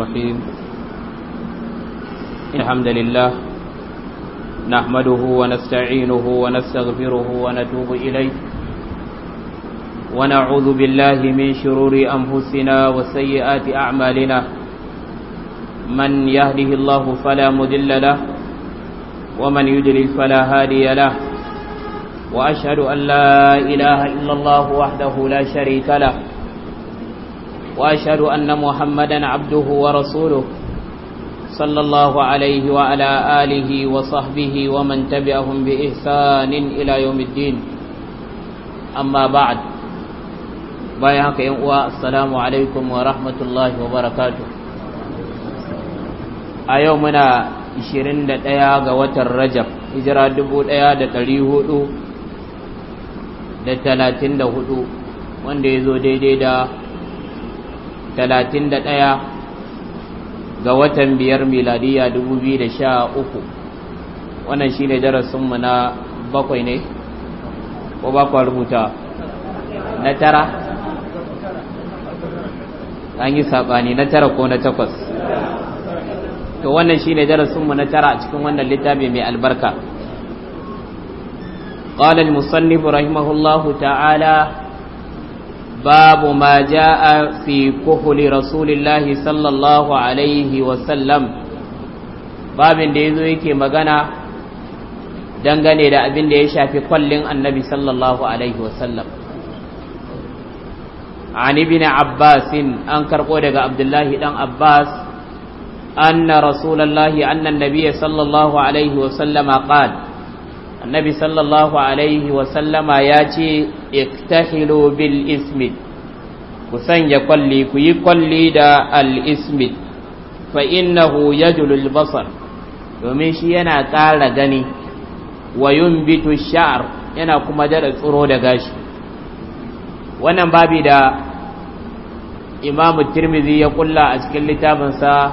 الرحيم الحمد لله نحمده ونستعينه ونستغفره ونتوب إليه ونعوذ بالله من شرور أنفسنا وسيئات أعمالنا من يهده الله فلا مذل له ومن يدلل فلا هادي له وأشهد أن لا إله إلا الله وحده لا شريك له وأشهد أن محمدا عبده ورسوله صلى الله عليه وعلى آله وصحبه ومن تبعهم بإحسان إلى يوم الدين أما بعد بايعك ينقوى السلام عليكم ورحمة الله وبركاته أيومنا 21 ga watan Rajab hijira 1434 wanda ya zo daidai da talatin da ɗaya ga watan biyar miladiya dubu biyu da sha uku wannan shi ne darasinmu na bakwai ne ko bakwa rubuta na tara an yi saɓani na tara ko na takwas to wannan shi ne darasinmu na tara a cikin wannan littafi mai albarka قال المصنف رحمه ta'ala. تعالى باب ما جاء في كحل رسول الله صلى الله عليه وسلم babin da ya zo yake magana dangane da abin da ya shafi kwallin annabi sallallahu alaihi wasallam an ibn abbasin an karko daga abdullahi dan abbas anna rasulallahi anna nabiyya sallallahu alaihi wasallama qala annabi sallallahu alaihi wasallama ya ce iktahilu bil ismi ku sanya kwalli ku yi kwalli da al ismi fa innahu basar domin shi yana ƙara gani wa yunbitu sha'ar yana kuma da tsoro da gashi wannan babi da imamu tirmizi ya kulla a cikin littafinsa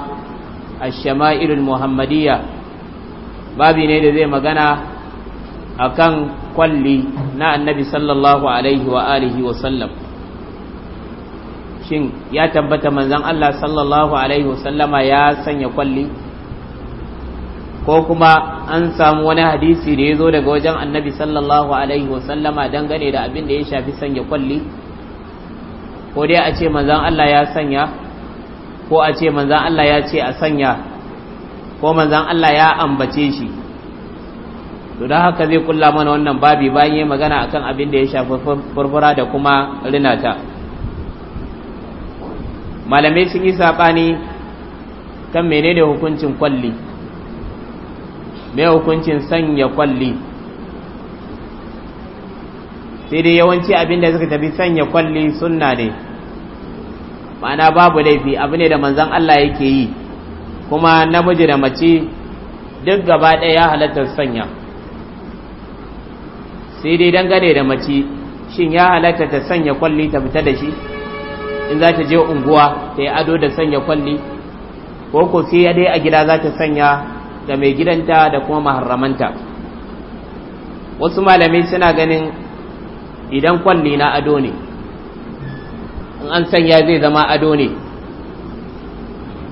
a shamailul muhammadiyya babi ne da zai magana akan kwalli na annabi sallallahu alaihi wa alihi wa sallam shin ya tabbata manzon Allah sallallahu alaihi wa sallama ya sanya kwalli ko kuma an samu wani hadisi da ya zo daga wajen annabi sallallahu alaihi wa sallama dangane da abin da ya shafi sanya kwalli ko dai a ce manzon Allah ya sanya ko a ce manzon Allah ya ce a sanya ko manzon Allah ya ambace shi to don haka zai kulla mana wannan babi bayan yi magana akan abin da ya shafi furfura da kuma rinata malamai sun yi saɓani kan menene hukuncin kwalli mai hukuncin sanya kwalli sai dai yawanci abin da suka tafi sanya kwalli sunna ne ma'ana babu laifi abu ne da manzan Allah yake yi kuma namiji da mace duk gaba ɗaya ya halatta sanya sai dai dangane da mace shin ya halatta ta sanya kwalli ta fita da shi in za ta je unguwa ta yi ado da sanya kwalli ko ko sai ya dai a gida za ta sanya da mai gidanta da kuma maharramanta wasu malamai suna ganin idan kwalli na ado ne in an sanya zai zama ado ne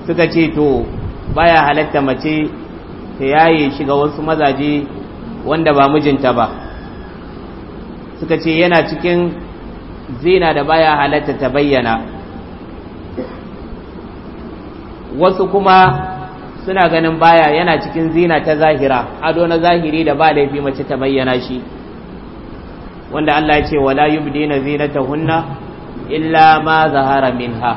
suka ce to baya halatta mace ta yaye shiga wasu mazaje wanda ba mijinta ba suka ce yana cikin zina da baya halatta ta bayyana wasu kuma suna ganin baya yana cikin zina ta zahira ado na zahiri da ba laifi mace ta bayyana shi wanda Allah ya ce wala yubdina zinatahunna illa ma zahara minha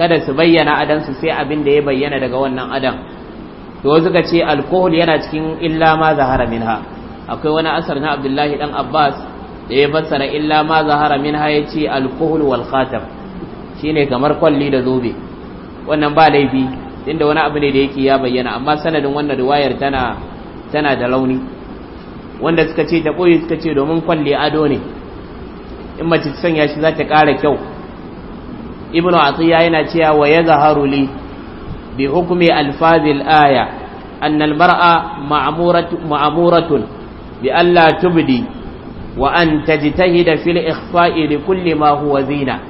kada su bayyana adan su sai abin da ya bayyana daga wannan adan to wasu ka ce alkohol yana cikin illa ma zahara minha akwai wani asar na Abdullahi dan Abbas da ya fassara illa ma zahara min haya ce alkohol wal khatam shine kamar kwalli da zobe wannan ba laifi inda wani abu ne da yake ya bayyana amma sanadin wannan riwayar tana tana da launi wanda suka ce ta koyi suka ce domin kwalli ado ne in mace ta sanya shi za ta ƙara kyau ibnu atiya yana cewa wa yazharu li bi hukmi alfazil aya annal mar'a ma'muratun bi alla tubdi wa an tajtahida fil ikhfa'i li kulli ma huwa zina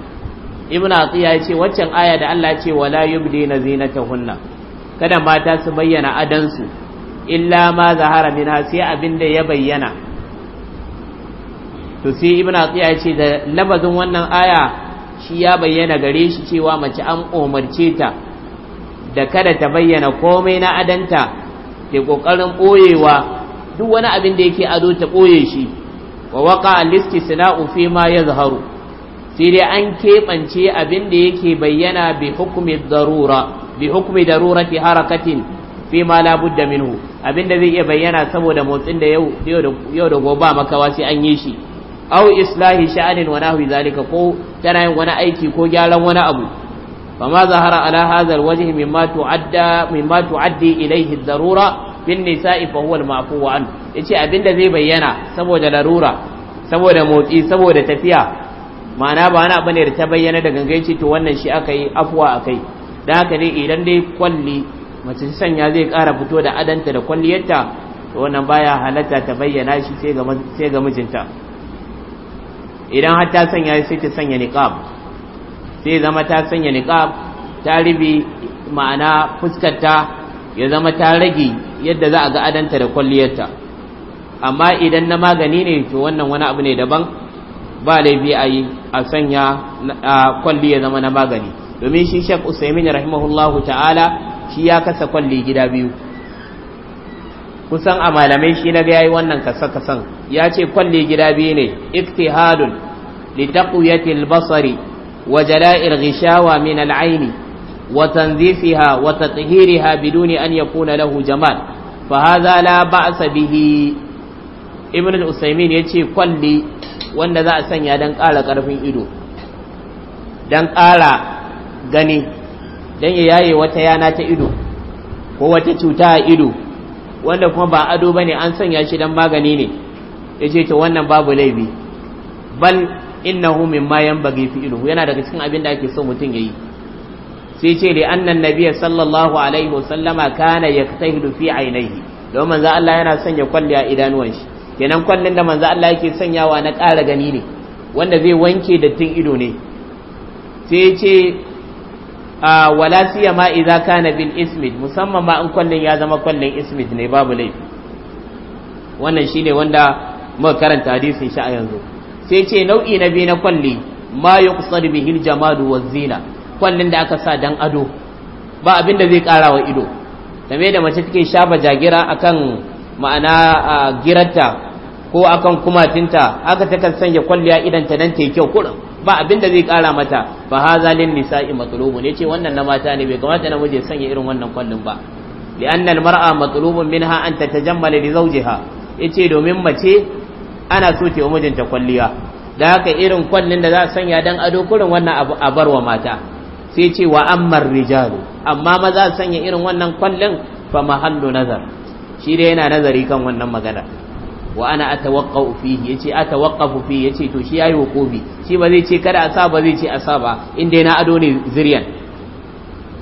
ibn atiya yace waccan aya da Allah ce wala ta zinatahunna kada mata su bayyana adansu illa ma zahara min sai abinda ya bayyana to sai ibn atiya yace da labazin wannan aya shi ya bayyana gare shi cewa mace an umarce ta da kada ta bayyana komai na adanta ke kokarin boyewa duk wani abin da yake ado ta boye shi wa waka listisna'u fi ma zaharu. sai dai an keɓance abin da yake bayyana bi hukumi darura bi hukumi darurati harakatin fi ma la budda minhu abin da zai iya bayyana saboda motsin da yau da gobe makawa sai an yi shi aw islahi sha'anin wa nahwi zalika ko tana yin wani aiki ko gyaran wani abu فما zahara على هذا الوجه مما تعدى مما تعدي إليه darura bin nisa'i fa huwa al-ma'fu an yace abinda zai bayyana saboda larura saboda motsi saboda tafiya ma'ana ba wani abu ne da ta bayyana da gaici to wannan shi aka yi afwa akai dan haka ne idan dai kwalli mace sanya zai kara fito da adanta da kwalliyarta to wannan baya halatta ta bayyana shi sai ga sai ga mijinta idan har ta sanya sai ta sanya niqab sai zama ta sanya niqab ta ribi ma'ana fuskarta ya zama ta rage yadda za a ga adanta da kwalliyarta amma idan na magani ne to wannan wani abu ne daban ba laifi a yi a sanya kwalli ya zama na magani domin shi shek usaimin rahimahullahu ta'ala shi ya kasa kwalli gida biyu kusan a malamai shi na yayi wannan kasa-kasan ya ce kwalli gida biyu ne iktihadun li taqwiyati basari wa jala'il ghishawa min al-aini wa tanzifiha wa tatheeriha ne an yakuna lahu jamal Fahazala hadha la ba'sa bihi ibnu usaymin yace kwalli wanda za a sanya dan kara karfin ido dan kara gani dan yayaye wata yana ta ido ko wata cuta a ido wanda kuma ba ado ba ne an sanya shi dan magani ne yace ta wannan babu laifi, bal innahu mimma yanbaghi fi ilmu yana daga cikin abin da ake so mutun yayi sai ce da annan nabiya sallallahu alaihi wasallama kana yaktahidu fi ainihi don manzo Allah yana sanya kwalli a idanuwan shi kenan kwallin da manzo Allah yake sanyawa na ƙara gani ne wanda zai wanke dattin ido ne sai ce a wala siyama idza kana bil ismid musamman ma in kwallin ya zama kwallin ismid ne babu laifi wannan shine wanda muka karanta hadisin shi a yanzu sai ce nau'i na biyu na kwalli ma yuqsad bihi al jamadu zina kwallin da aka sa dan ado ba abin da zai kara wa ido game da mace take shafa jagira akan ma'ana girarta ko akan kumatinta aka takan sanya kwalliya idan ta nan kyau ba abin da zai kara mata fa haza lin nisa'i ne ce wannan na mata ne bai kamata namiji ya sanya irin wannan kwallin ba li'anna al-mar'a matlubun minha an tatajammala li zawjiha yace domin mace ana so ta yi mijinta kwalliya da haka irin kwallin da za a sanya dan ado kurin wannan abu a wa mata sai ce wa ammar rijalu amma maza sanya irin wannan kwallon fa mahallu nazar shi dai yana nazari kan wannan magana wa ana atawaqqafu fihi yace atawaqqafu fihi yace to shi yayi wuqufi shi ba zai ce kada a sa ba zai ce a sa ba in yana na ado ne ziryan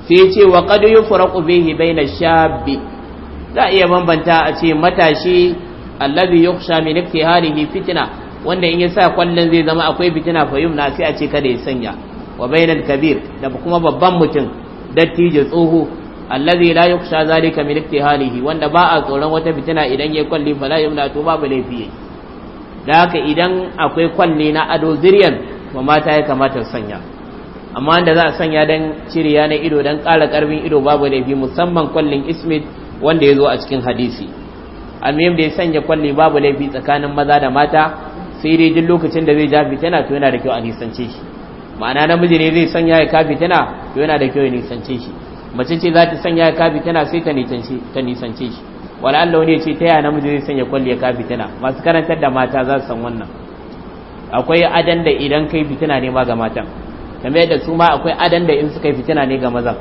sai yace wa qad yufraqu bihi bayna shabbi za iya bambanta a ce matashi allazi yukhsha min ne fitna wanda in ya sa kwallon zai zama akwai fitina fa yumna sai a ce kada ya sanya wa bainal kabir da kuma babban mutum dattijo tsoho allazi la yuksha zalika min ittihalihi wanda ba a tsoron wata fitina idan ya kwalli la yumna to babu laifi da haka idan akwai kwalli na ado ziryan wa mata ya kamata sanya amma da za a sanya dan ciriya na ido dan ƙara karfin ido babu laifi musamman kwallin ismit wanda ya zo a cikin hadisi almiyam da ya sanya kwalli babu laifi tsakanin maza da mata sai dai duk lokacin da zai ja fitina to yana da kyau a nisance shi ma'ana namiji ne zai sanya ya kafi tana yana da kyau ya nisance shi mace ce za ta sanya ya kafi tana sai ta nisance shi wala Allah wani ya ce ta yaya namiji zai sanya kwalli ya kafi tana masu karantar da mata za su san wannan akwai adan da idan kai fitina ne ma ga matan kamar yadda su ma akwai adan da in suka yi fitina ne ga mazan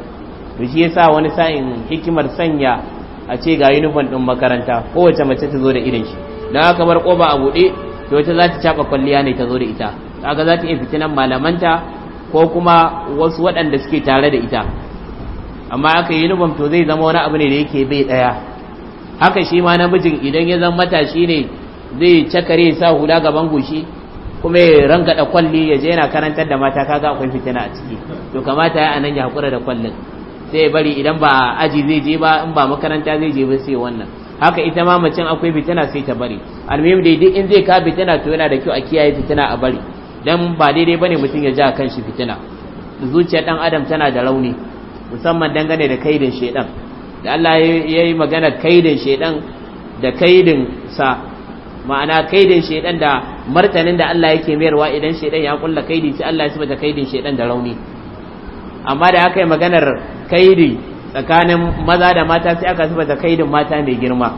to shi yasa wani sa'in hikimar sanya a ce ga uniform din makaranta kowace mace ta zo da irin shi dan haka bar koba a buɗe to wata za ta kwalliya ne ta zo da ita kaga za ta iya fitinan malamanta ko kuma wasu waɗanda suke tare da ita amma aka yi nubam to zai zama wani abu ne da yake bai ɗaya haka shi ma namijin idan ya zama matashi ne zai cakare sa hula gaban goshi kuma ya ranga da kwalli ya je yana karantar da mata kaga akwai fitina a ciki to kamata ya anan ya hakura da kwallin sai bari idan ba aji zai je ba in ba makaranta zai je ba sai wannan haka ita ma mace akwai fitina sai ta bari almuhim dai duk in zai ka fitina to yana da kyau a kiyaye fitina a bari dan ba daidai bane mutum ya ja kan shi fitina zuciyar dan adam tana da rauni musamman dangane da kaidin shedan da Allah ya yi magana kaidin shedan da kaidin sa ma'ana kaidin shedan da martanin da Allah yake mayarwa idan shaidan ya kulla kaidi sai Allah ya saba da kaidin shedan da rauni amma da aka yi maganar kaidi tsakanin maza da mata sai aka saba da kaidin mata mai girma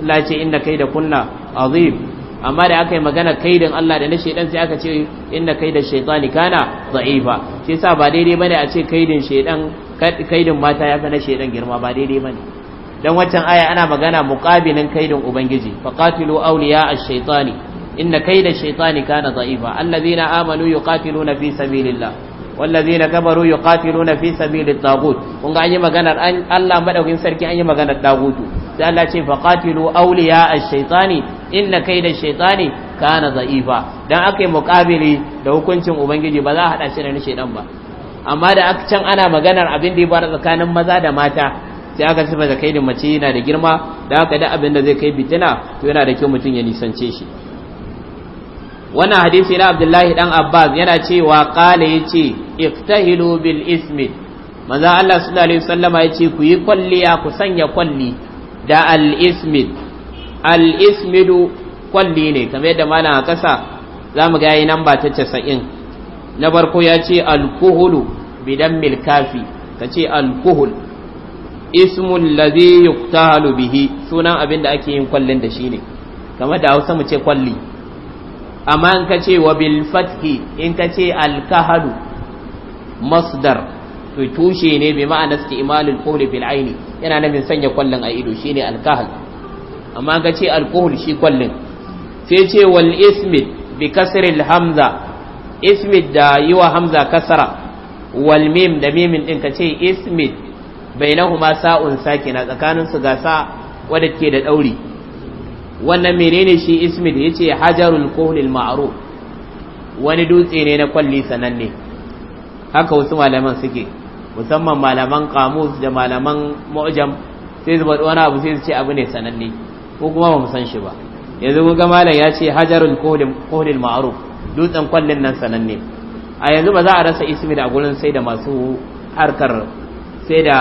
Allah ya ce inna kaida kunna azim amma da aka yi magana kaidin Allah da na shaidan sai aka ce inna kaidan shaitani kana da'ifa shi yasa ba daidai bane a ce kaidin shaidan kaidin mata ya fi na shaidan girma ba daidai bane dan waccan aya ana magana muqabilin kaidin ubangiji faqatilu awliya ash-shaytani inna kaidan shaitani kana da'ifa allazina amanu yuqatiluna fi sabilillah والذين كفروا يقاتلون في سبيل الطاغوت kun ga an yi maganar Allah madaukin sarki an yi maganar dagutu sai Allah ce faqatilu awliya ash-shaytani inna kai da shaitani kana za'ifa dan aka yi da hukuncin ubangiji ba za a hada shi da na shaitan ba amma da aka can ana maganar abin da ya bar tsakanin maza da mata sai aka sifa da kai da mace yana da girma da aka da abin da zai kai bitina to yana da kyau mutum ya nisance shi wannan hadisi na abdullahi dan abbas yana cewa kala yace iftahilu bil ismi manzo Allah sallallahu alaihi wasallama yace ku yi kwalliya ku sanya kwalli da al ismi al-ismidu kwalli ne kamar yadda mana a ƙasa za mu gayi nan ba ta casa'in na farko ya ce alkuhulu bidan milkafi ka ce alkuhul ismun lazi yuktahalu bihi sunan abin da ake yin kwallin da shi ne kamar da hausa mu ce kwalli amma in ka ce wa bilfathi in ka ce alkahalu masdar to tushe ne bi ma'ana istimalul qawli bil aini yana nufin sanya kwallon a ido shine alkahal amma ka ce alkohol shi kwallin sai ce wal ismid bi kasril hamza ismid da yi wa hamza kasara wal mim da mimin din ka ce ismid bainahuma sa'un sakina tsakanin su ga sa wadda ke da dauri wannan menene shi ismid yace hajarul kuhlil ma'ruf wani dutse ne na kwalli sananne haka wasu malaman suke musamman malaman kamus da malaman mu'jam sai zuba wani abu sai su ce abu ne sananne ko kuma ba mu san shi ba yanzu ga malam ya ce hajarul kohdil ma'ruf dutsen kwallin nan sananne a yanzu ba za a rasa ismi da gurin sai da masu harkar sai da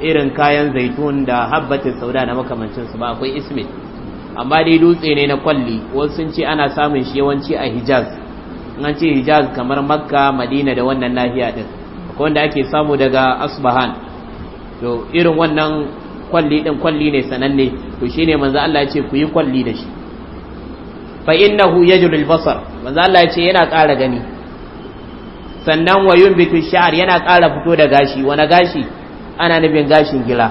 irin kayan zaitun da habbatin sauda na makamancinsu ba akwai ismi amma dai dutse ne na kwalli wasu sun ce ana samun shi yawanci a hijaz an ce hijaz kamar makka madina da wannan nahiya din wanda ake samu daga asbahan to irin wannan kwalli din kwalli ne sananne to shine manzo Allah ya ce ku yi kwalli da shi fa innahu yajlu al-basar manzo Allah ya ce yana ƙara gani sannan wa yunbitu sha'r yana ƙara fito da gashi wani gashi ana nufin gashin gila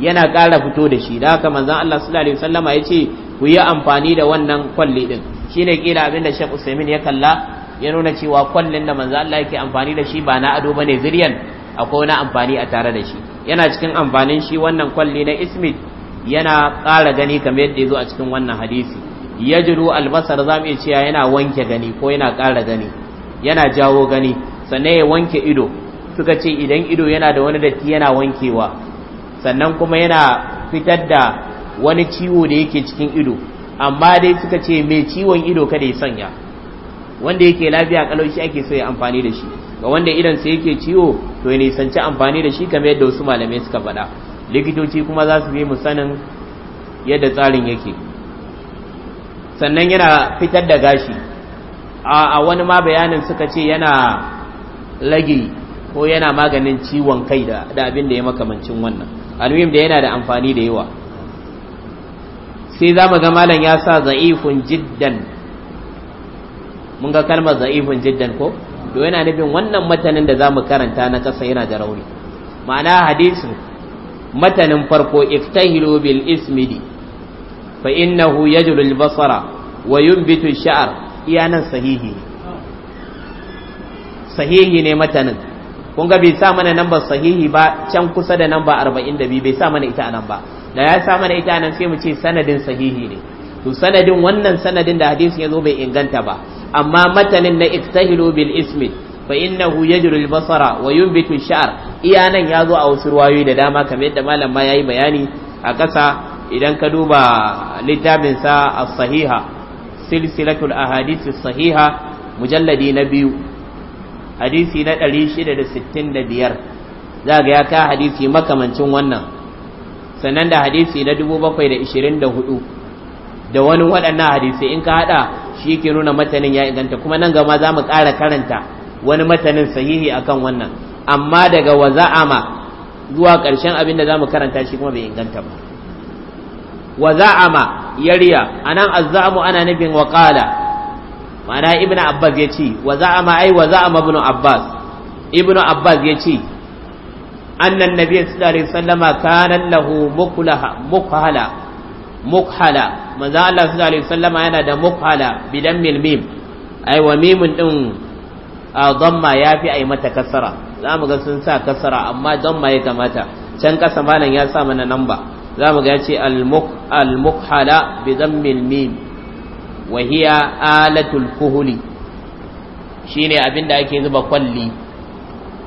yana ƙara fito da shi da haka manzo Allah sallallahu alaihi wasallama ya ce ku yi amfani da wannan kwalli din shine kila abin da Sheikh Usaimin ya kalla ya nuna cewa kwallin da manzo Allah yake amfani da shi ba na ado bane ziryan akwai wani amfani a tare da shi yana cikin amfanin shi wannan kwalli na ismit yana ƙara gani kamar yadda ya zo a cikin wannan hadisi ya jiru albasar zamu mu iya cewa yana wanke gani ko yana ƙara gani yana jawo gani sannan ya wanke ido suka ce idan ido yana da wani datti yana wankewa sannan kuma yana fitar da wani ciwo da yake cikin ido amma dai suka ce mai ciwon ido kada ya sanya wanda yake lafiya kalau shi ake so ya amfani da shi ga wanda idan sai yake ciwo to ya nisanci amfani da shi kamar yadda wasu malamai suka faɗa likitoci kuma za su yi mu sanin yadda tsarin yake sannan yana fitar da gashi a wani ma bayanin suka ce yana rage ko yana maganin ciwon kai da abin da ya makamancin wannan alwim da yana da amfani da yawa sai za mu ga malam ya sa za'ifun jiddan mun ga kalmar za'ifun jiddan ko to yana nufin wannan matanin da zamu karanta na kasa yana da rauni ma'ana hadisi matanin farko iftahilu bil ismidi fa innahu yajlu al basara wa yunbitu al sha'r iyanan sahihi sahihi ne matanin kun ga bai sa mana number sahihi ba can kusa da namba 42 bai sa mana ita nan ba da ya sa mana ita nan sai mu ce sanadin sahihi ne to sanadin wannan sanadin da hadisin zo bai inganta ba amma matanin na iktahilu bil ismi fa innahu yajru al basara wa yunbitu sha'r iya nan zo a wasu ruwayoyi da dama kamar yadda malam ma yayi bayani a kasa idan ka duba littafin sa as-sahiha silsilatul ahadith as-sahiha mujalladi na biyu hadisi na 665 za ga ya ka hadisi makamancin wannan sanan da hadisi na 724 da wani waɗannan hadisai in ka haɗa shi ke nuna matanin ya inganta kuma nan gama za mu ƙara karanta wani matanin sahihi akan wannan amma daga waza'ama zuwa ƙarshen abin da za mu karanta shi kuma bai inganta ba waza'ama yariya nan azza'amu ana nufin waƙala ma'ana Ibn abbas ya ce waza'ama ai waza'ama ibn abbas Ibn abbas ya ce annan nabiy sallallahu alaihi wasallama kana lahu mukhala mukhala manzo Allah sallallahu alaihi wasallama yana da mukhala bidan mim ai wa mimun din a dhamma yafi ai mata kasara zamu ga sun sa kasara amma dhamma ya kamata can kasa malam ya sa mana namba zamu ga yace al muk al mukhala bidan dhammil mim wa hiya alatul fuhuli shine abinda ake zuba kwalli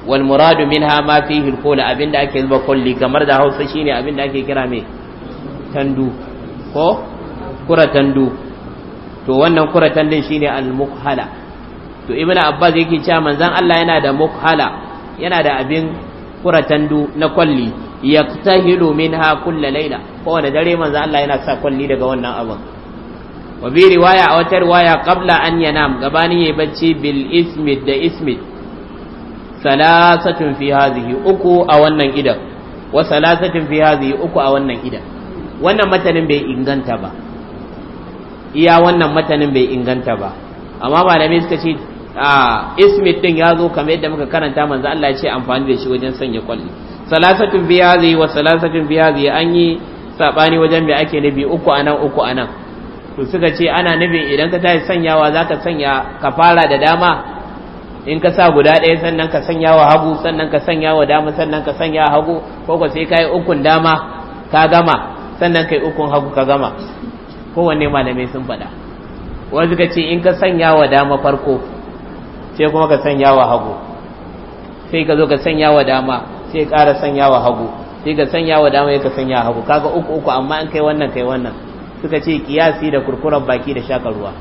wal muradu minha ma fihi al abinda ake zuba kwalli kamar da Hausa shine abinda ake kira me tandu ko kuratandu to wannan kuratandun shine al-mukhala to ibnu abbas yake cewa manzon Allah yana da mukhala yana da abin kuratandu na kwalli yaktahilu minha layla ko kowane dare manzon Allah yana sa kwalli daga wannan abin wa bi riwaya a wata riwaya qabla an yanam gabani yayi bacci bil ismi da ismi salasatun fi hadhihi uku a wannan idan wa salasatun fi hadhihi uku a wannan idan wannan matanin bai inganta ba iya wannan matanin bai inganta ba amma malamai suka ce a ismit din ya zo kamar yadda muka karanta manzo Allah ya ce amfani da shi wajen sanya kwalli salasatun biya zai wa salasatun biya zai an yi sabani wajen me ake nabi uku anan uku anan to suka ce ana nufin idan ka tashi sanyawa zaka sanya ka fara da dama in ka sa guda ɗaya sannan ka sanya wa hagu sannan ka sanya wa dama sannan ka sanya hagu ko ko sai kai ukun dama ka gama sannan kai ukun hagu ka gama kowanne malamai sun faɗa wasu ka ce in ka sanya wa dama farko sai kuma ka sanya wa hagu sai ka zo ka sanya wa dama sai ƙara sanya wa hagu sai ka sanya wa dama ka sanya hagu kaga uku uku amma an kai wannan kai wannan suka ce kiyasi da kurkuren baki da shakarwa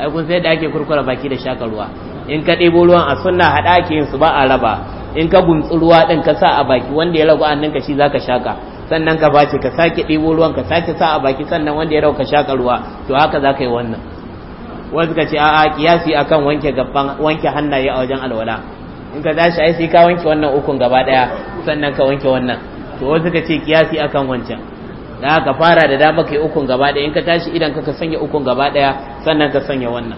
ai kun sai da ake kurkuren baki da shakarwa in ka ɗebo ruwan a sunna haɗa ake yin su ba a raba in ka guntsi ruwa ɗin ka sa a baki wanda ya ragu annanka shi zaka shaka sannan ka bace ka sake ɗibo ruwan ka sake sa a baki sannan wanda ya rauka shaka ruwa to haka za ka yi wannan wasu ka ce a'a kiyasi akan wanke gaban wanke hannaye a wajen alwala in ka tashi ai sai ka wanke wannan ukun gaba ɗaya sannan ka wanke wannan to wasu ka ce kiyasi akan wancan da ka fara da dama ka yi ukun gaba ɗaya in ka tashi idan ka sanya ukun gaba ɗaya sannan ka sanya wannan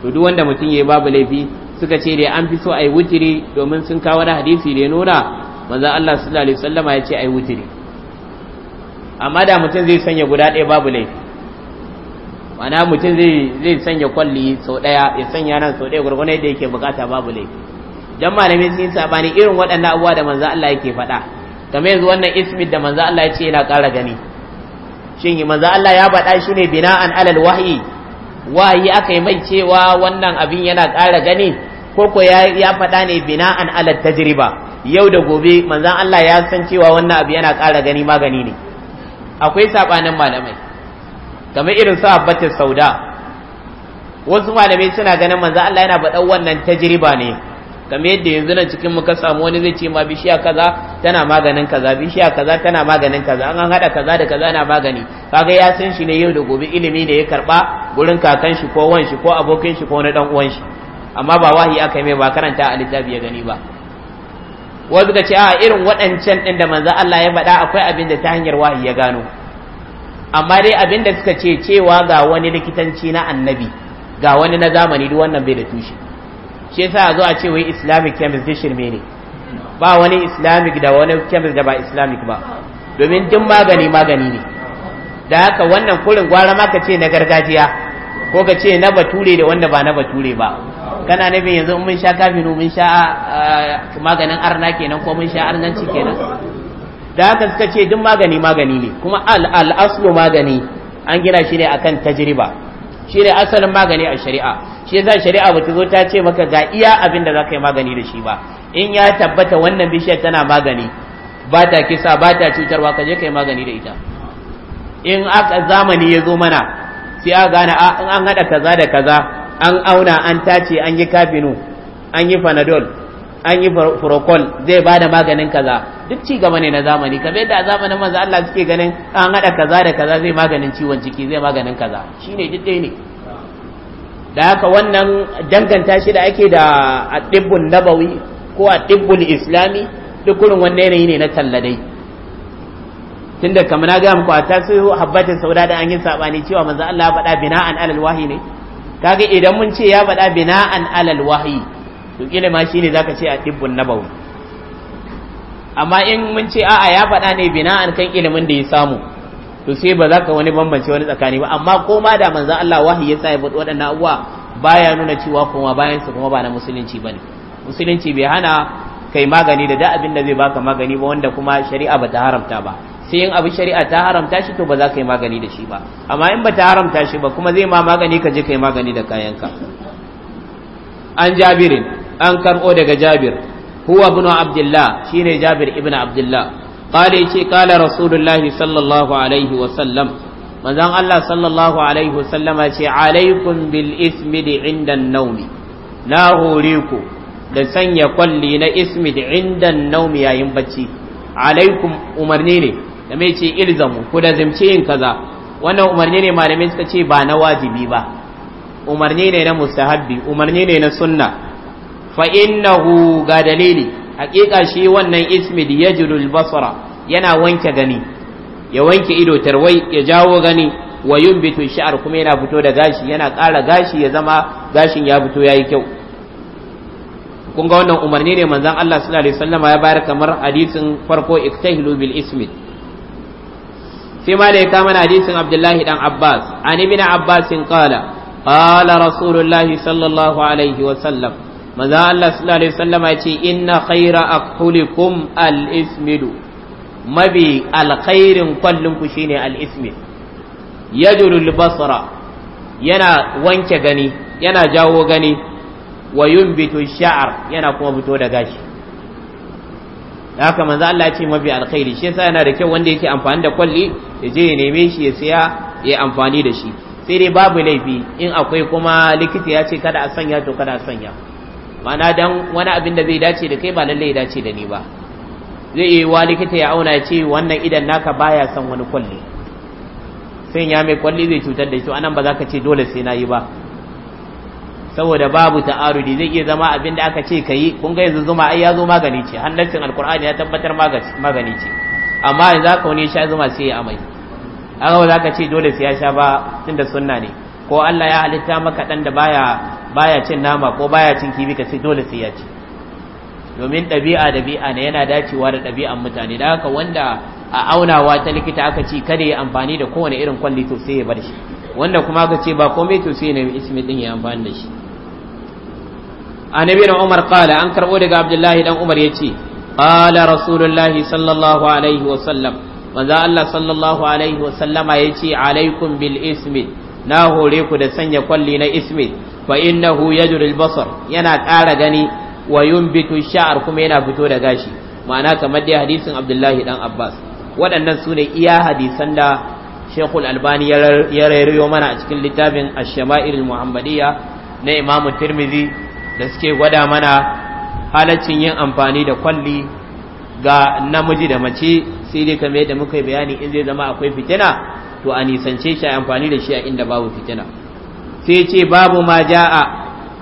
to duk wanda mutum ya yi babu laifi suka ce dai an fi so a yi wutiri domin sun kawo da hadisi da ya nuna maza Allah sallallahu alaihi wasallama ya ce yi wutiri amma da mutum zai sanya guda ɗaya babu laifi mana mutum zai sanya kwalli sau ɗaya ya sanya nan sau ɗaya gwargwano yadda yake bukata babu laifi dan malamai sun sabani irin waɗannan abubuwa da manzo Allah yake faɗa kamar yanzu wannan ismi da manzo Allah ya ce yana ƙara gani shin manzo Allah ya faɗa shi ne bina'an alal wahyi wahayi aka yi mai cewa wannan abin yana ƙara gani ko ko ya faɗa ne bina'an alal tajriba yau da gobe manzan Allah ya san cewa wannan abu yana ƙara gani magani ne akwai sabanin malamai kamar irin su abbatu sauda wasu malamai suna ganin manzo Allah yana faɗan wannan tajriba ne kamar yadda yanzu nan cikin muka samu wani zai ce ma bishiya kaza tana maganin kaza bishiya kaza tana maganin kaza an hada kaza da kaza na magani kaga ya san shi ne yau da gobe ilimi da ya karba gurin kakan shi ko wan shi ko abokin shi ko na dan uwan shi amma ba wahi aka yi mai ba karanta a littafi ya gani ba wasu suka ce a ah, irin waɗancan ɗin da manzo Allah ya faɗa akwai abin da ta hanyar wahayi ya gano amma dai abin da suka ce cewa ga wani likitanci na annabi ga wani na zamani duk wannan bai da tushe shi yasa a zo a ce wai islamic chemist da shirme ne ba wani islamic da wani chemist da ba islamic ba domin duk magani magani ne da haka wannan kurin gwara ma ka ce na gargajiya ko ka ce na bature da wanda ba na bature ba kana bin yanzu mun sha kafinu mun sha ah, maganin arna kenan ko mun sha arnanci kenan da haka suka ce duk magani magani ne kuma al'aslu magani an gina shi ne akan tajriba shi ne asalin magani a shari'a shi yasa shari'a ba ta zo ta ce maka ga iya abin da za ka yi magani da shi ba in ya tabbata wannan bishiyar tana magani ba ta kisa ba ta cutarwa ka je ka magani da ita in aka zamani ya zo mana sai a gane ah, an haɗa kaza da kaza an auna an tace an yi kafinu an yi fanadol an yi furokol zai ba da maganin kaza duk ci gaba ne na zamani kamar yadda a zamanin manzo Allah suke ganin an hada kaza da kaza zai maganin ciwon ciki zai maganin kaza shine duk ne da haka wannan danganta shi da ake da adibbun nabawi ko adibbul islami duk kurin wannan yanayi ne na talladai tunda kamar na ga muku a tasiru habbatin sauda da an yi sabani cewa manzo Allah ya faɗa bina'an alal ne kaga idan mun ce ya faɗa bina'an alal wahyi to kila ma shine zaka ce a tibbun nabawi amma in mun ce a'a ya faɗa ne bina'an kan ilimin da ya samu to sai ba za ka wani bambance wani tsakani ba amma ko ma da manzon Allah wahyi ya sa ya faɗi waɗannan abubuwa baya nuna cewa kuma bayan su kuma ba na musulunci bane musulunci bai hana kai magani da da abin da zai baka magani ba wanda kuma shari'a bata haramta ba sai in abu shari'a ta haramta shi to ba za ka yi magani da shi ba amma in bata haramta shi ba kuma zai ma magani ka je kai magani da kayanka an jabirin an karɓo daga jabir huwa ibn abdullah shine jabir ibn abdullah قال يجي قال رسول الله صلى الله عليه وسلم مزان الله صلى الله عليه وسلم يجي عليكم بالإثم عند na لا ku. da sanya kwalli na ismi da inda naumi yayin bacci alaikum umarni ne da mai ce ilzamu ku da zimci yin kaza wannan umarni ne malamin suka ce ba na wajibi ba umarni ne na mustahabbi umarni ne na sunna fa innahu ga dalili hakika shi wannan ismi da yajrul basara yana wanke gani ya wanke ido tarwai ya jawo gani wa yumbitu sha'ar kuma yana fito da gashi yana ƙara gashi ya zama gashin ya fito yayi kyau kun ga wannan umarni ne manzan Allah sallallahu alaihi wasallama ya bayar kamar hadisin farko iktahilu bil ismi sai ma da ya kama hadisin Abdullahi dan Abbas an ibn Abbas qala qala Rasulullah sallallahu alaihi wasallam manzan Allah sallallahu alaihi wasallama ya ce inna khaira aqulikum al ismidu mabi alkhairin kwallin ku shine al ismid yajrul basra yana wanke gani yana jawo gani wa yunbitu sha'ar yana kuma fito da gashi da haka manzo Allah ya ce mabi alkhairi shi yasa yana da kyau wanda yake amfani da kwalli ya je ya neme shi ya siya ya amfani da shi sai dai babu laifi in akwai kuma likita ya ce kada a sanya to kada a sanya mana dan wani abin da zai dace da kai ba lalle ya dace da ni ba zai yi wa likita ya auna ya ce wannan idan naka baya son wani kwalli sai ya mai kwalli zai cutar da shi anan ba za ka ce dole sai na yi ba saboda babu ta'arudi zai iya zama abin da aka ce ka yi kun ga yanzu zuma ai ya zo magani ce hannacin alkur'ani ya tabbatar magani ce amma yanzu aka wani sha zuma sai ya amai aka wani za ce dole sai ya sha ba tunda sunna ne ko Allah ya halitta maka dan da baya baya cin nama ko baya cin kibi ka sai dole sai ya ci domin ɗabi'a ɗabi'a ne yana dacewa da ɗabi'an mutane da haka wanda a aunawa ta likita aka ci kada ya amfani da kowane irin kwalli to sai ya bar shi wanda kuma aka ce ba komai to sai ne ismi din ya amfani da shi annabi na umar qala an karbo daga abdullahi dan umar yace qala rasulullahi sallallahu alaihi wa sallam manzo Allah sallallahu alaihi wa sallama yace alaikum bil ismi na hore ku da sanya kwalli na ismi fa innahu yajri al basar yana ƙara gani wa yunbitu sha'ar kuma yana fito da gashi ma'ana kamar dai hadisin abdullahi dan abbas waɗannan su ne iya hadisan da shekul albani ya rairayo mana a cikin littafin ash-shama'il muhammadiyya na imamu tirmidhi da suke gwada mana halaccin yin amfani da kwalli ga namiji da mace sai dai kamar yadda muka yi bayani in zai zama akwai fitina to a nisance shi a amfani da shi a inda babu fitina sai ce babu ma ja'a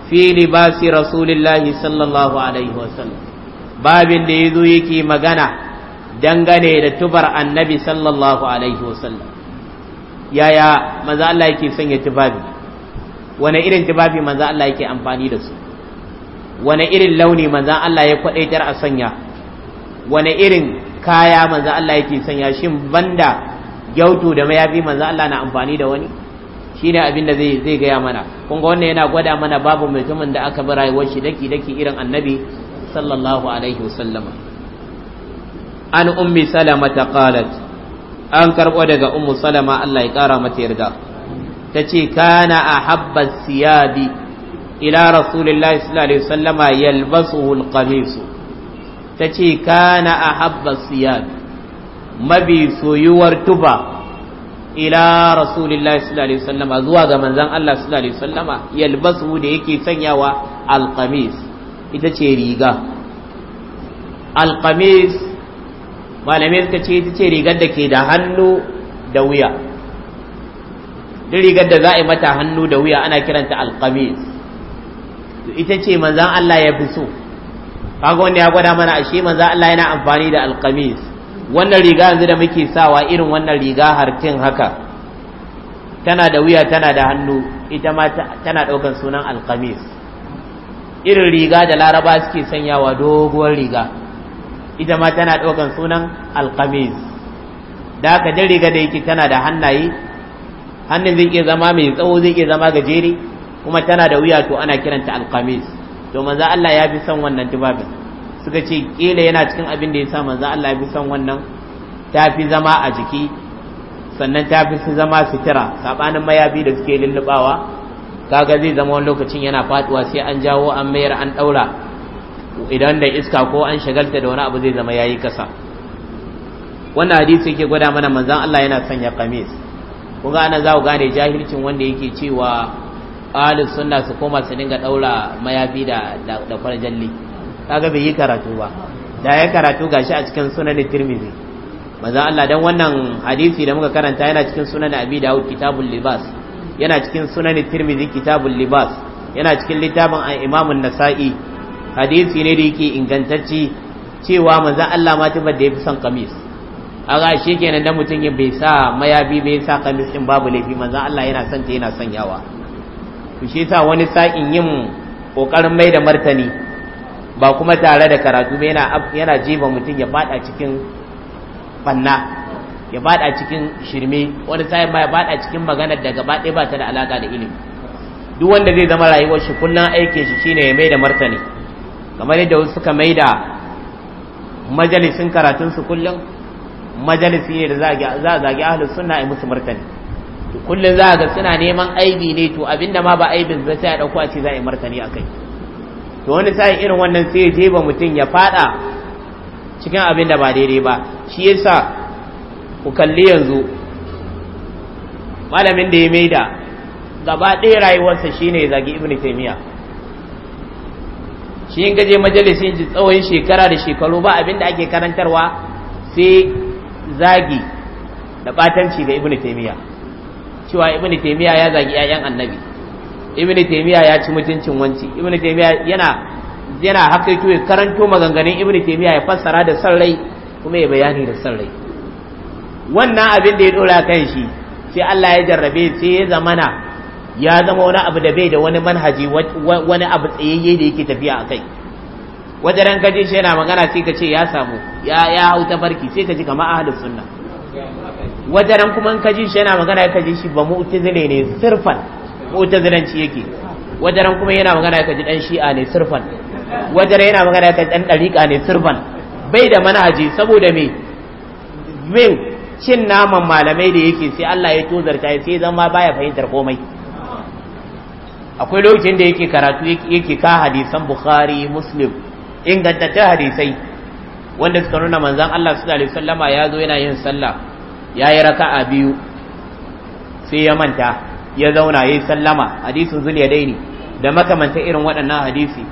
fi libasi rasulillahi sallallahu alaihi wasallam babin da yazo yake magana dangane da tubar annabi sallallahu alaihi wasallam yaya maza Allah yake sanya tubabi wani irin tubabi maza Allah yake amfani da su wane irin launi manzan Allah ya kwadaitar a sanya wane irin kaya manzan Allah yake sanya shin banda gyautu da mayafi manzan Allah na amfani da wani shi ne abin da zai zai gaya mana kun ga wannan yana gwada mana babu mutumin da aka bi rayuwar shi daki daki irin annabi sallallahu alaihi wasallam an ummi salama ta qalat an karbo daga ummu salama Allah ya kara mata yarda tace kana ahabba siyabi ila rasulillahi sallallahu alaihi wasallama yalbasuhu alqamis tace kana ahabba siyab mabi soyuwar tufa ila rasulillahi sallallahu alaihi wasallama zuwa ga manzon Allah sallallahu alaihi wasallama yalbasuhu da yake sanyawa alqamis ita ce riga alqamis malamai ce ita ce rigar da ke da hannu da wuya duk rigar da za a yi mata hannu da wuya ana kiranta alqamis to ita ce manzan Allah ya fi so kaga wanda ya gwada mana ashe manzan Allah yana amfani da alkamis wannan riga yanzu da muke sawa irin wannan riga harkin haka tana da wuya tana da hannu ita ma tana ɗaukar sunan alkamis irin riga da laraba suke sanyawa doguwar riga ita ma tana ɗaukar sunan alkamis da aka jan riga da yake tana da hannaye hannun zai iya zama mai tsawo zai iya zama gajere kuma tana da wuya to ana kiranta alqamis to manzo Allah ya fi son wannan tufafin suka ce kila yana cikin abin da ya sa manzo Allah ya fi son wannan ta fi zama a jiki sannan ta fi su zama sitira sabanin mayafi da suke lullubawa kaga zai zama wani lokacin yana faduwa sai an jawo an mayar an daura idan da iska ko an shagalta da wani abu zai zama yayi kasa wannan hadisi yake gwada mana manzon Allah yana sanya kamis kuma ana za ku gane jahilcin wanda yake cewa ahalin sunna su koma su dinga daura mayafi da da kwarjalli kaga bai yi karatu ba da ya karatu gashi a cikin sunan tirmidhi manzo Allah dan wannan hadisi da muka karanta yana cikin sunan abi hau kitabul libas yana cikin sunan tirmidhi kitabul libas yana cikin littafin imam an-nasa'i hadisi ne da yake ingantacci cewa manzo Allah ma tabbata da yafi son kamis ga shi kenan da mutum ya bai sa mayabi bai sa kamis din babu laifi manzo Allah yana son ta yana yawa. to shi ta wani sa'in yin kokarin mai da martani ba kuma tare da karatu ba yana yana jiba mutum ya fada cikin banna ya fada cikin shirme wani sa'in ma ya fada cikin magana da gaba ɗaya ba ta da alaka da ilimi duk wanda zai zama rayuwar shi kullun aikin shi shine ya mai da martani kamar yadda wasu suka mai da majalisin karatunsu kullum majalisi ne da za a zagi ahlus sunna ai musu martani To kullum za ga suna neman aibi ne to abinda ma ba aibin zai sai a dauko a ce za a yi martani akai to wani sai irin wannan sai je ba mutum ya fada cikin abin da ba daidai ba shi yasa ku kalli yanzu malamin da ya maida gaba ɗaya rayuwarsa shine zagi ibnu taymiya shi in gaje majalisin ji tsawon shekara da shekaru ba abin da ake karantarwa sai zagi da batanci ga ibnu taymiya cewa ibnu taymiya ya zagi 'ya'yan annabi ibnu taymiya ya ci mutuncin wanci ibnu taymiya yana yana hakaito ya karanto maganganun ibnu taymiya ya fassara da sarrai kuma ya bayani da sarrai wannan abin da ya dora kan shi sai Allah ya jarrabe sai ya zamana ya zama wani abu da bai da wani manhaji wani abu tsayayye da yake tafiya a kai wajen gaji shi yana magana sai ka ce ya samu ya hau farki sai ka ji kama ahlus sunna wajen kuma in ka ji shi yana magana ka ji shi ba mu'tazile ne sirfan mu'tazilanci yake wajen kuma yana magana ka ji dan shi'a ne sirfan wajen yana magana ka ji dan dariqa ne sirfan bai da manhaji saboda me min cin naman malamai da yake sai Allah ya tozarta sai zama baya fahimtar komai akwai lokacin da yake karatu yake ka hadisan bukhari muslim ingantattun hadisai wanda suka nuna manzan Allah sallallahu alaihi wasallama ya zo yana yin sallah ya yi raka a biyu sai ya manta ya zauna ya yi sallama hadisin zuliya daini da makamanta irin waɗannan hadisi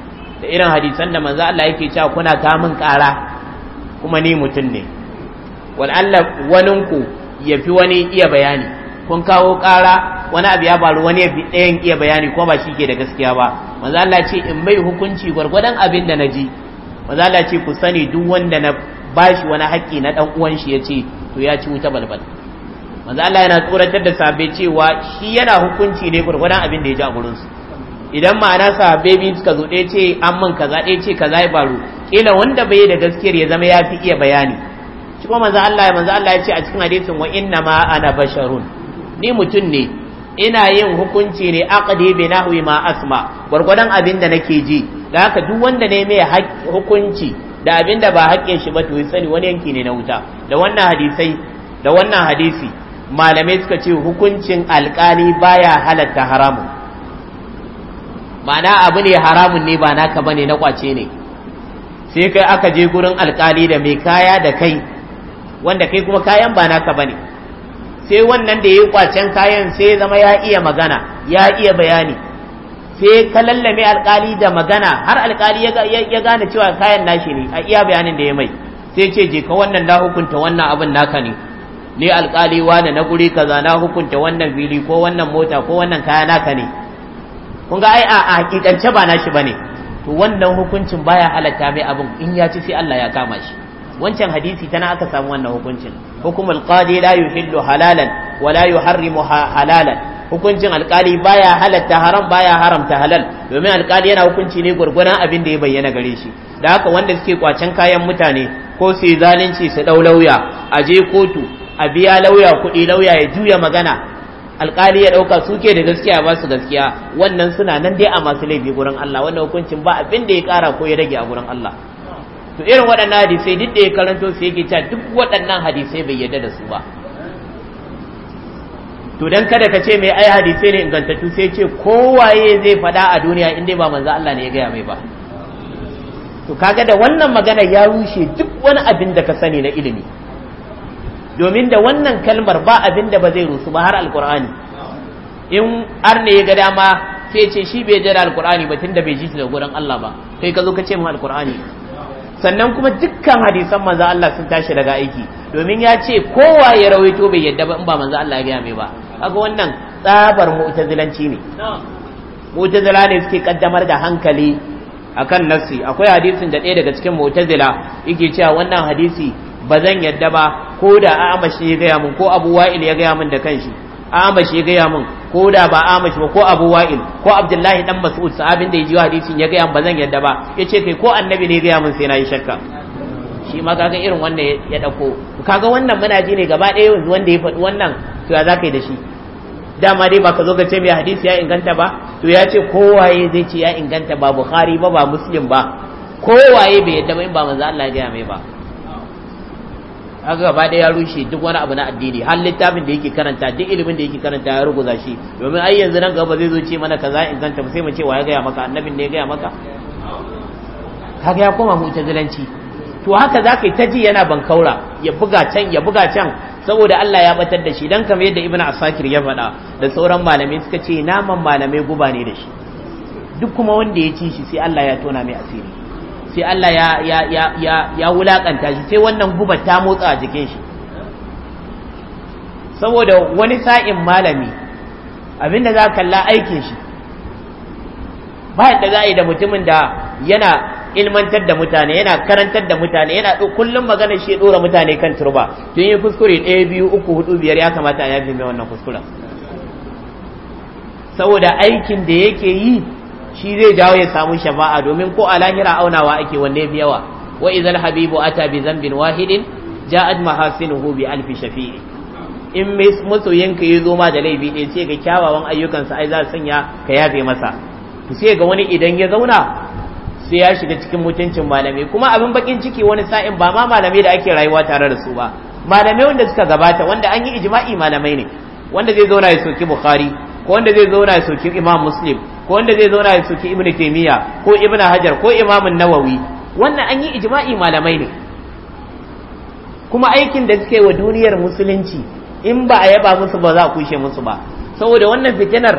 da irin hadisan da manzo Allah yake cewa kuna min ƙara kuma ni mutum ne wal'alla waninku ya fi wani iya bayani kun kawo ƙara wani abu ya faru wani ya fi ɗayan iya bayani ko ba shi ke da gaskiya ba manzo Allah ce in mai hukunci gwargwadon abin da na ji manzo Allah ce ku sani duk wanda na bashi wani haƙƙi na ɗan uwan shi ya ce to ya ci wuta balbal manzo Allah yana tsoratar da sahabbai cewa shi yana hukunci ne gurgurdan abin da ya ji a gurin su idan ma'ana sahabbai biyu suka zo ɗaya ce an man kaza ɗaya ce kaza ya baro. kila wanda bai da gaskiyar ya zama ya fi iya bayani shi kuma manzo Allah manzo Allah ya ce a cikin hadisin wa inna ma ana basharun ni mutum ne ina yin hukunci ne aqdi bi nahwi ma asma gurgurdan abin da nake ji da haka duk wanda ne mai hukunci da abin da ba haƙƙin shi ba to sani wani yanki ne na wuta da wannan hadisai da wannan hadisi malamai suka ce hukuncin alƙali baya halatta haramun ma'ana abu ne haramun ne ba naka bane na kwace ne sai kai aka je gurin alƙali da mai kaya da kai wanda kai kuma kayan ba naka bane sai wannan da ya yi kwacen kayan sai zama ya iya magana ya iya bayani sai ka lallame alkali da magana har alkali ya gane cewa kayan nashi ne a iya bayanin da ya mai sai ce je ka wannan na hukunta wannan abin naka ne ne alkali wane na guri kaza na hukunta wannan fili ko wannan mota ko wannan kaya naka ne kun ga ai a hakikance ba nashi ne to wannan hukuncin baya halatta mai abin in ya ci sai Allah ya kama shi wancan hadisi tana aka samu wannan hukuncin hukumul qadi la yuhillu halalan wa la yuharrimu halalan hukuncin alkali baya halatta haram baya haramta halal domin alkali yana hukunci ne gurguran abin da ya bayyana gare shi da haka wanda suke kwacen kayan mutane ko su zalunci su ɗau lauya a je kotu a biya lauya kuɗi lauya ya juya magana alkali ya ɗauka suke da gaskiya ba su gaskiya wannan suna nan dai a masu laifi gurin Allah wannan hukuncin ba abin da ya ƙara ko ya rage a gurin Allah to irin waɗannan hadisai duk da ya karanto su yake cewa duk waɗannan hadisai bai yarda da su ba to dan kada ka ce mai ai hadisai ne ingantattu sai ce kowaye zai faɗa a duniya in dai ba manzo Allah ne ya gaya mai ba to kaga da wannan magana ya rushe duk wani abin da ka sani na ilimi domin da wannan kalmar ba abin da ba zai rusu ba har alkur'ani in arne ya ga dama sai ce shi bai jira alkur'ani ba tunda bai ji shi da gurin Allah ba kai ka zo ka ce mu alkur'ani sannan kuma dukkan hadisan manzo Allah sun tashi daga aiki domin ya ce kowa ya rawaito bai yadda ba in ba manzo Allah ya gaya mai ba kaga wannan tsabar mu'tazilanci ne mu'tazila ne suke kaddamar da hankali akan nassi akwai hadisin da ɗaya daga cikin mu'tazila yake cewa wannan hadisi ba zan yadda ba ko da amashi ya gaya min ko abu wa'il ya gaya min da kanshi amashi ya gaya min ko da ba amashi ba ko abu wa'il ko abdullahi dan mas'ud sahabin da ya ji hadisin ya gaya ba zan yadda ba yace kai ko annabi ne ya gaya min sai na yi shakka shi ma kaga irin wannan ya dauko kaga wannan muna ji ne gaba ɗaya yanzu wanda ya faɗi wannan to ya zaka da shi dama dai ba ka zo ka ce mai hadisi ya inganta ba to ya ce kowaye zai ce ya inganta ba bukhari ba ba muslim ba kowaye bai yadda ba in ba manzo Allah ya gaya mai ba haka gaba da ya rushe duk wani abu na addini har littafin da yake karanta duk ilimin da yake karanta ya ruguza shi domin ai yanzu nan gaba zai zo ce mana kaza inganta ba sai mu ce wa ya gaya maka annabin ne ya gaya maka kaga ya koma mu zalanci to haka zaka yi ta ji yana bankaura ya buga can ya buga can saboda Allah ya batar da shi dan kamar yadda Ibn asakir ya faɗa da sauran malamai suka ce naman malamai guba ne da shi duk kuma wanda ya ci shi sai Allah ya tona mai asiri sai Allah ya ya ya ya, wulakanta shi sai wannan guba ta motsa a jikin shi saboda wani sa'in malami abinda za kalla aikin shi ba yadda za a yi da mutumin da yana ilmantar da mutane yana karantar da mutane yana kullum magana shi dora mutane kan turba tun yi kuskure ɗaya biyu uku hudu biyar ya kamata a yafi mai wannan kuskuren saboda aikin da yake yi shi zai jawo ya samu shafa'a domin ko a lahira aunawa ake wanne fi yawa wa idzal habibu ata bi zambin wahidin ja'at mahasinuhu bi alfi shafi'i in masoyinka ya zo ma da laifi ɗaya sai ga kyawawan ayyukansa ai za su sanya ka yafe masa sai ga wani idan ya zauna sai ya shiga cikin mutuncin malamai kuma abin bakin ciki wani sa'in ba ma malamai da ake rayuwa tare da su ba malamai wanda suka gabata wanda an yi ijma'i malamai ne wanda zai zauna ya soki bukhari ko wanda zai zauna ya soki imam muslim ko wanda zai zauna ya soki ibnu taymiya ko ibnu hajar ko imam nawawi wannan an yi ijma'i malamai ne kuma aikin da suke wa duniyar musulunci in ba a yaba musu ba za a kushe musu ba saboda wannan fitinar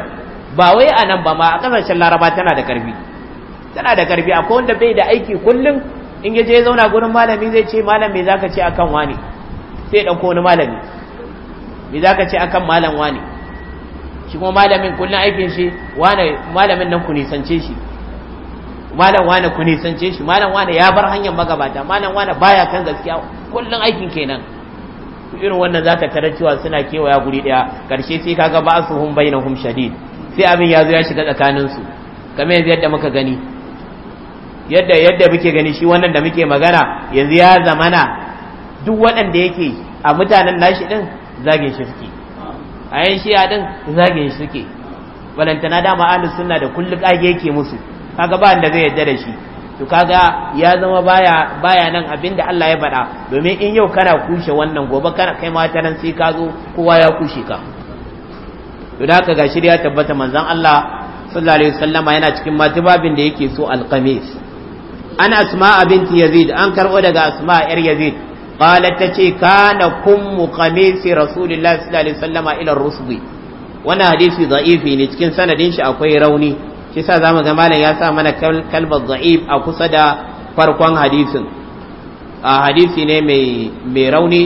ba wai a nan ba ma a kasashen laraba tana da karfi kana da karfi akwai wanda bai da aiki kullum in ya je ya zauna gurin malami zai ce malam me zaka ce akan wani sai dauko wani malami me zaka ce akan malam wani shi kuma malamin kullum aikin shi wani malamin nan ku nisance shi malam wani ku nisance shi malam wani ya bar hanyar magabata malam wani baya kan gaskiya kullum aikin kenan irin wannan zaka tarar cewa suna kewaya guri daya karshe sai kaga ba su hum bainahum shadid sai abin ya zo ya shiga tsakaninsu kamar yadda muka gani yadda yadda muke gani shi wannan da muke magana yanzu ya zamana duk waɗanda yake a mutanen nashi ɗin zagin shi suke a yan shi'a din zagin shi suke balantana dama ahlus sunna da kullu kage yake musu kaga ba da zai yadda da shi to kaga ya zama baya baya nan abinda Allah ya faɗa domin in yau kana kushe wannan gobe kana kai mata ta nan sai ka zo kowa ya kushe ka to da ga shirya ya tabbata manzon Allah sallallahu alaihi wasallama yana cikin matibabin da yake so alqamis an asma abinti yazid an karɓo daga asma yar yazid qalat tace kana kummu qamisi rasulillahi sallallahu alaihi a ila rusbi wannan hadisi za'ifi ne cikin sanadin shi akwai rauni shi sa zamu ga malam ya sa mana kalmar da'if a kusa da farkon hadisin a hadisi ne mai mai rauni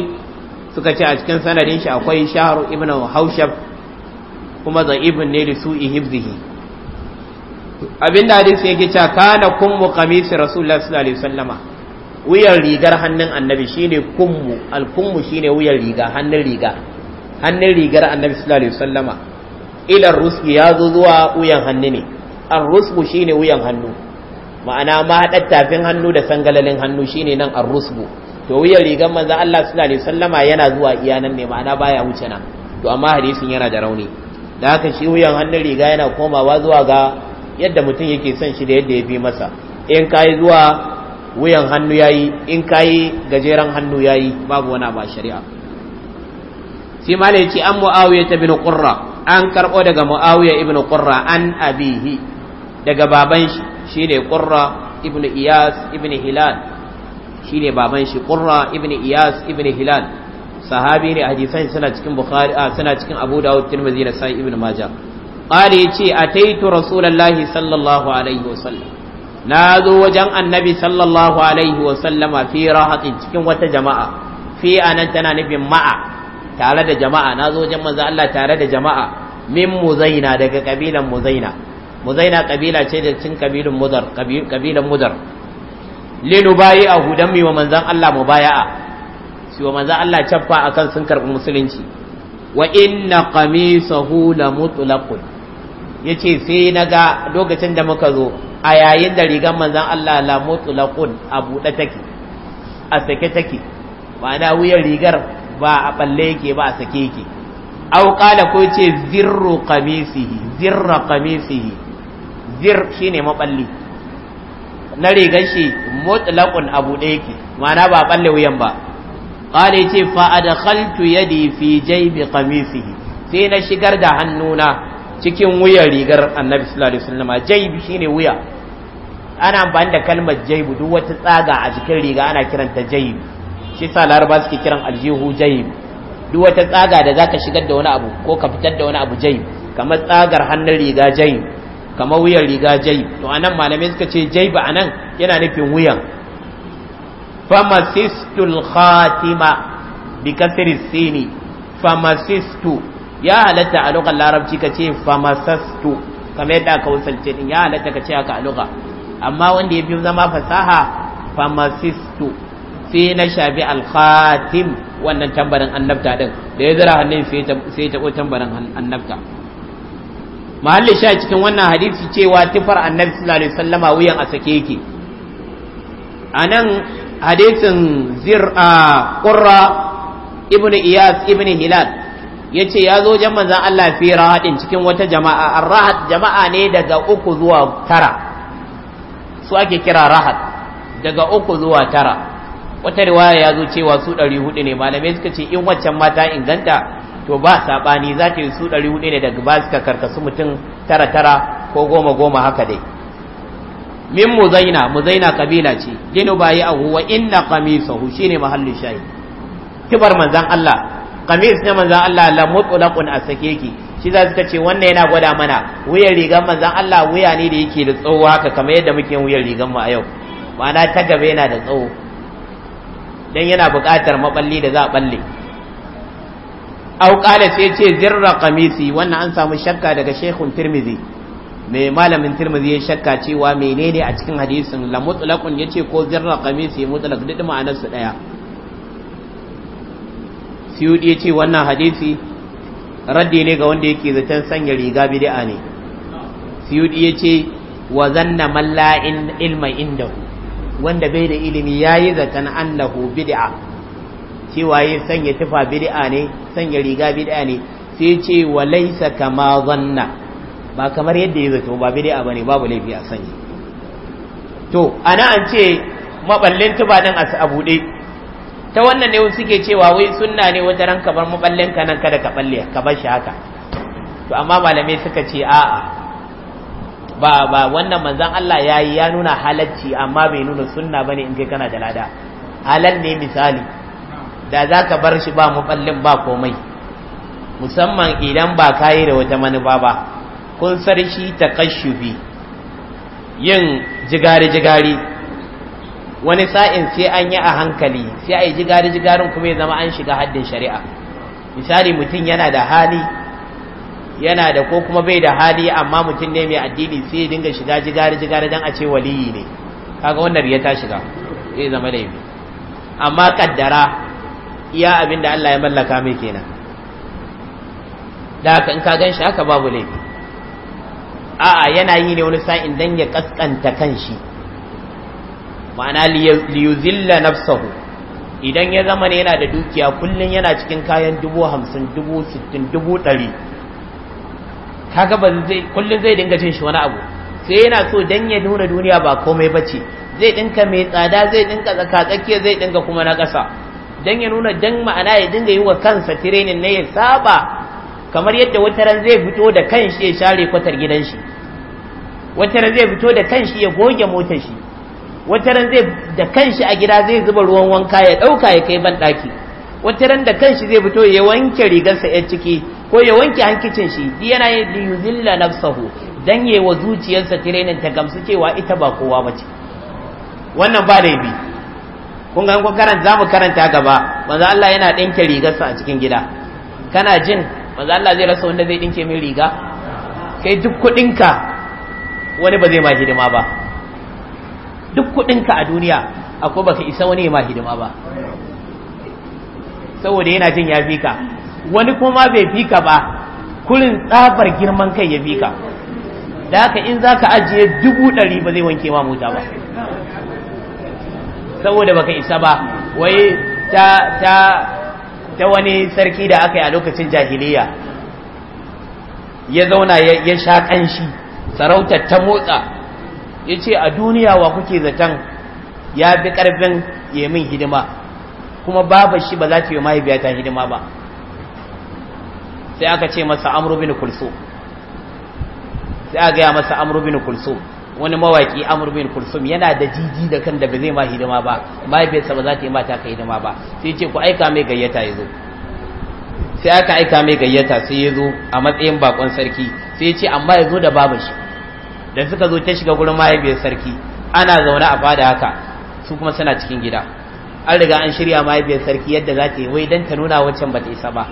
suka ce a cikin sanadin shi akwai shahru ibnu haushab kuma da'ifun ne li su'i hifzihi Abin da hadisi yake cewa kana kummu qamisi rasulullahi sallallahu alaihi wasallama wuyan rigar hannun annabi shine kummu al-kummu shine wuyan riga hannun riga hannun rigar annabi sallallahu alaihi wasallama ila ruski ya zo zuwa wuyan hannu ne ar-rusbu shine wuyan hannu ma'ana ma hadar tafin hannu da sangalalin hannu shine nan ar-rusbu to wuyan rigar manzo Allah sallallahu alaihi wasallama yana zuwa iyanan ne ma'ana baya wuce nan to amma hadisin yana da rauni da haka shi wuyan hannun riga yana komawa zuwa ga yadda mutum yake son shi da yadda ya fi masa in kayi zuwa wuyan hannu yayi in kayi gajeren hannu yayi babu wani ba shari'a sai mala an muawiya ta bin qurra an karbo daga muawiya ibn qurra an abihi daga baban shi shine qurra ibn iyas ibn hilal shine baban shi qurra ibn iyas ibn hilal sahabi ne hadisan suna cikin bukhari suna cikin abu dawud tirmidhi da sai ibn majah qala yace ataitu rasulullahi sallallahu alaihi wasallam na zo wajen annabi sallallahu alaihi wasallama fi rahatin cikin wata jama'a fi nan tana nufin ma'a tare da jama'a na zo wajen manzo Allah tare da jama'a min muzaina daga kabilan muzaina muzaina kabila ce da cin kabilan mudar kabilan mudar a hudan mi wa manzan Allah mubaya'a shi wa manzan Allah cappa akan sun karbi musulunci wa inna qamisahu ya ce sai na ga lokacin da muka zo a yayin da rigar manzan Allah lamotu laƙun a buɗe take a sake take ba na wuyan rigar ba a ɓalle yake ba a sake yake au ƙala ko ce zirru kamisihi zirra kamisihi zir shi ne maɓalli na rigar shi mutlaƙun a buɗe yake ma'ana ba a ɓalle wuyan ba ƙala ce fa'adakhaltu yadi fi jaibi kamisihi sai na shigar da hannuna cikin wuyan rigar annabi sallallahu alaihi wasallam jaibi shine wuya ana amfani da kalmar jaibu duk wata tsaga a jikin riga ana kiranta jaibi shi sa laraba suke kiran aljihu jaibi duk wata tsaga da zaka shigar da wani abu ko ka fitar da wani abu jaibi kamar tsagar hannun riga jaibi kamar wuyan riga jaibi to anan malamai suka ce jaibi anan yana nufin wuyan famasistul khatima bi kasri sini famasistu ya halatta a lugar larabci ka ce famasastu kamar yadda aka wasalce din ya halatta ka ce haka a amma wanda ya fi zama fasaha famasistu sai na shafi alkhatim wannan tambarin annabta din da ya zira hannun sai ya tambarin annabta mahallin sha cikin wannan hadisi cewa tufar annabi sallallahu alaihi wasallama wuyan a sake yake anan hadisin zir a ƙurra ibn iyas ibn hilal yace ya zo jan Manzan Allah fi rahadin cikin wata jama'a ar jama'a ne daga uku zuwa tara su ake kira rahad daga uku zuwa tara wata riwaya ya zo cewa su 400 ne malamai suka ce in waccan mata inganta to ba sabani za ta yi su hudu ne daga ba suka karkasu mutum tara tara ko goma goma haka dai min muzaina muzaina kabila ce gino bayi a huwa inna hu shine mahallin shayi kibar manzan Allah kamis na manzan Allah la mutlaqun a sake ki shi za ta ce wannan yana gwada mana wuyan rigan manzan Allah wuya ne da yake da tsawo haka kamar yadda muke wuyan rigan mu a yau ma'ana ta gaba yana da tsawo dan yana buƙatar maballi da za a balle qala sai ce zirra kamisi wannan an samu shakka daga shaykhun tirmizi mai malamin tirmizi ya shakka cewa menene a cikin hadisin la mutlaqun yace ko zirra qamisi mutlaq duk su daya siyudi ya ce wannan hadisi raddi ne ga wanda yake zaton sanya riga bid'a ne siyudi ya ce wa zanna man la ilma indahu wanda bai da ilimi yayi zaton annahu bid'a cewa yin sanya tufa bid'a ne sanya riga bid'a ne sai ce wa laisa kama zanna ba kamar yadda ya zato ba bid'a bane babu laifi a sanya to ana an ce maballin tuba din a abude ta wannan ne suke cewa wai sunna ne wata ran bar maballen ka nan kada ka balle ka bar shi haka to amma malamai suka ce a'a ba ba wannan manzon Allah yayi ya nuna halacci amma bai nuna sunna bane in kai kana da lada halal ne misali da zaka bar shi ba maballin ba komai musamman idan ba kayi da wata manufa ba kun sarshi kashubi yin jigari jigari wani sa'in sai an yi a hankali sai a yi jigari jigarin kuma ya zama an shiga haddin shari'a misali mutum yana da hali yana da ko kuma bai da hali amma mutum ne mai addini sai ya dinga shiga jigari jigari don a ce waliyi ne kaga wannan riya ta shiga zai zama laifi amma kaddara iya abin da Allah ya mallaka mai kenan da kan ka gan shi haka babu laifi a'a yana yi ne wani sa'in dan ya kaskanta kanshi shi ma'ana liyuzilla nafsahu idan ya zama ne yana da dukiya kullum yana cikin kayan dubu hamsin dubu sittin dubu ɗari kaga ba zai kullum zai dinga jin shi wani abu sai yana so dan ya nuna duniya ba komai bace zai dinka mai tsada zai dinka tsaka tsakiya zai dinka kuma na ƙasa dan ya nuna dan ma'ana ya dinga yi wa kansa tirenin ne ya saba kamar yadda wataran zai fito da kanshi ya share kwatar gidan shi wataran zai fito da kanshi ya goge motar shi ran zai da kanshi a gida zai zuba ruwan wanka ya ɗauka ya kai ban ɗaki ran da kanshi zai fito ya wanke rigarsa ya ciki ko ya wanke hankicin shi di yana yi liyuzilla nafsahu dan yi wa zuciyarsa tirenin ta gamsu cewa ita ba kowa ba ce wannan ba laifi kun ga kun karanta zamu karanta gaba manzo Allah yana ɗinke rigarsa a cikin gida kana jin manzo Allah zai rasa wanda zai ɗinke min riga kai duk kuɗinka wani ba zai ma hidima ba duk kudinka a duniya akwai baka isa wani ma hidima ba saboda yana jin ya fika, wani kuma ma bai fika ba kurin tsabar girman kai ya fika. da haka in za ka ajiye dubu ɗari ba zai wanke ma mota ba saboda baka isa ba wai ta ta wani sarki da aka yi a lokacin jahiliya ya zauna ya sha ƙanshi sarautar ta motsa ya ce a duniya wa kuke zaton ya fi ƙarfin ya min hidima kuma babu shi ba za ta yi mahaifiyata hidima ba sai aka ce masa amurbin bin kulso sai aka gaya masa amurbin bin kulso wani mawaki amurbin bin yana da jiji da kan da ba zai ma hidima ba mahaifiyarsa ba za ta yi mata ka hidima ba sai ce ku aika mai gayyata ya zo sai aka aika mai gayyata sai ya zo a matsayin bakon sarki sai ce amma ya zo da babu shi da suka zo ta shiga gurin mahaifiyar sarki ana zaune a fada haka su kuma suna cikin gida an riga an shirya mahaifiyar sarki yadda za ta yi wai don ta nuna wancan ba ta isa ba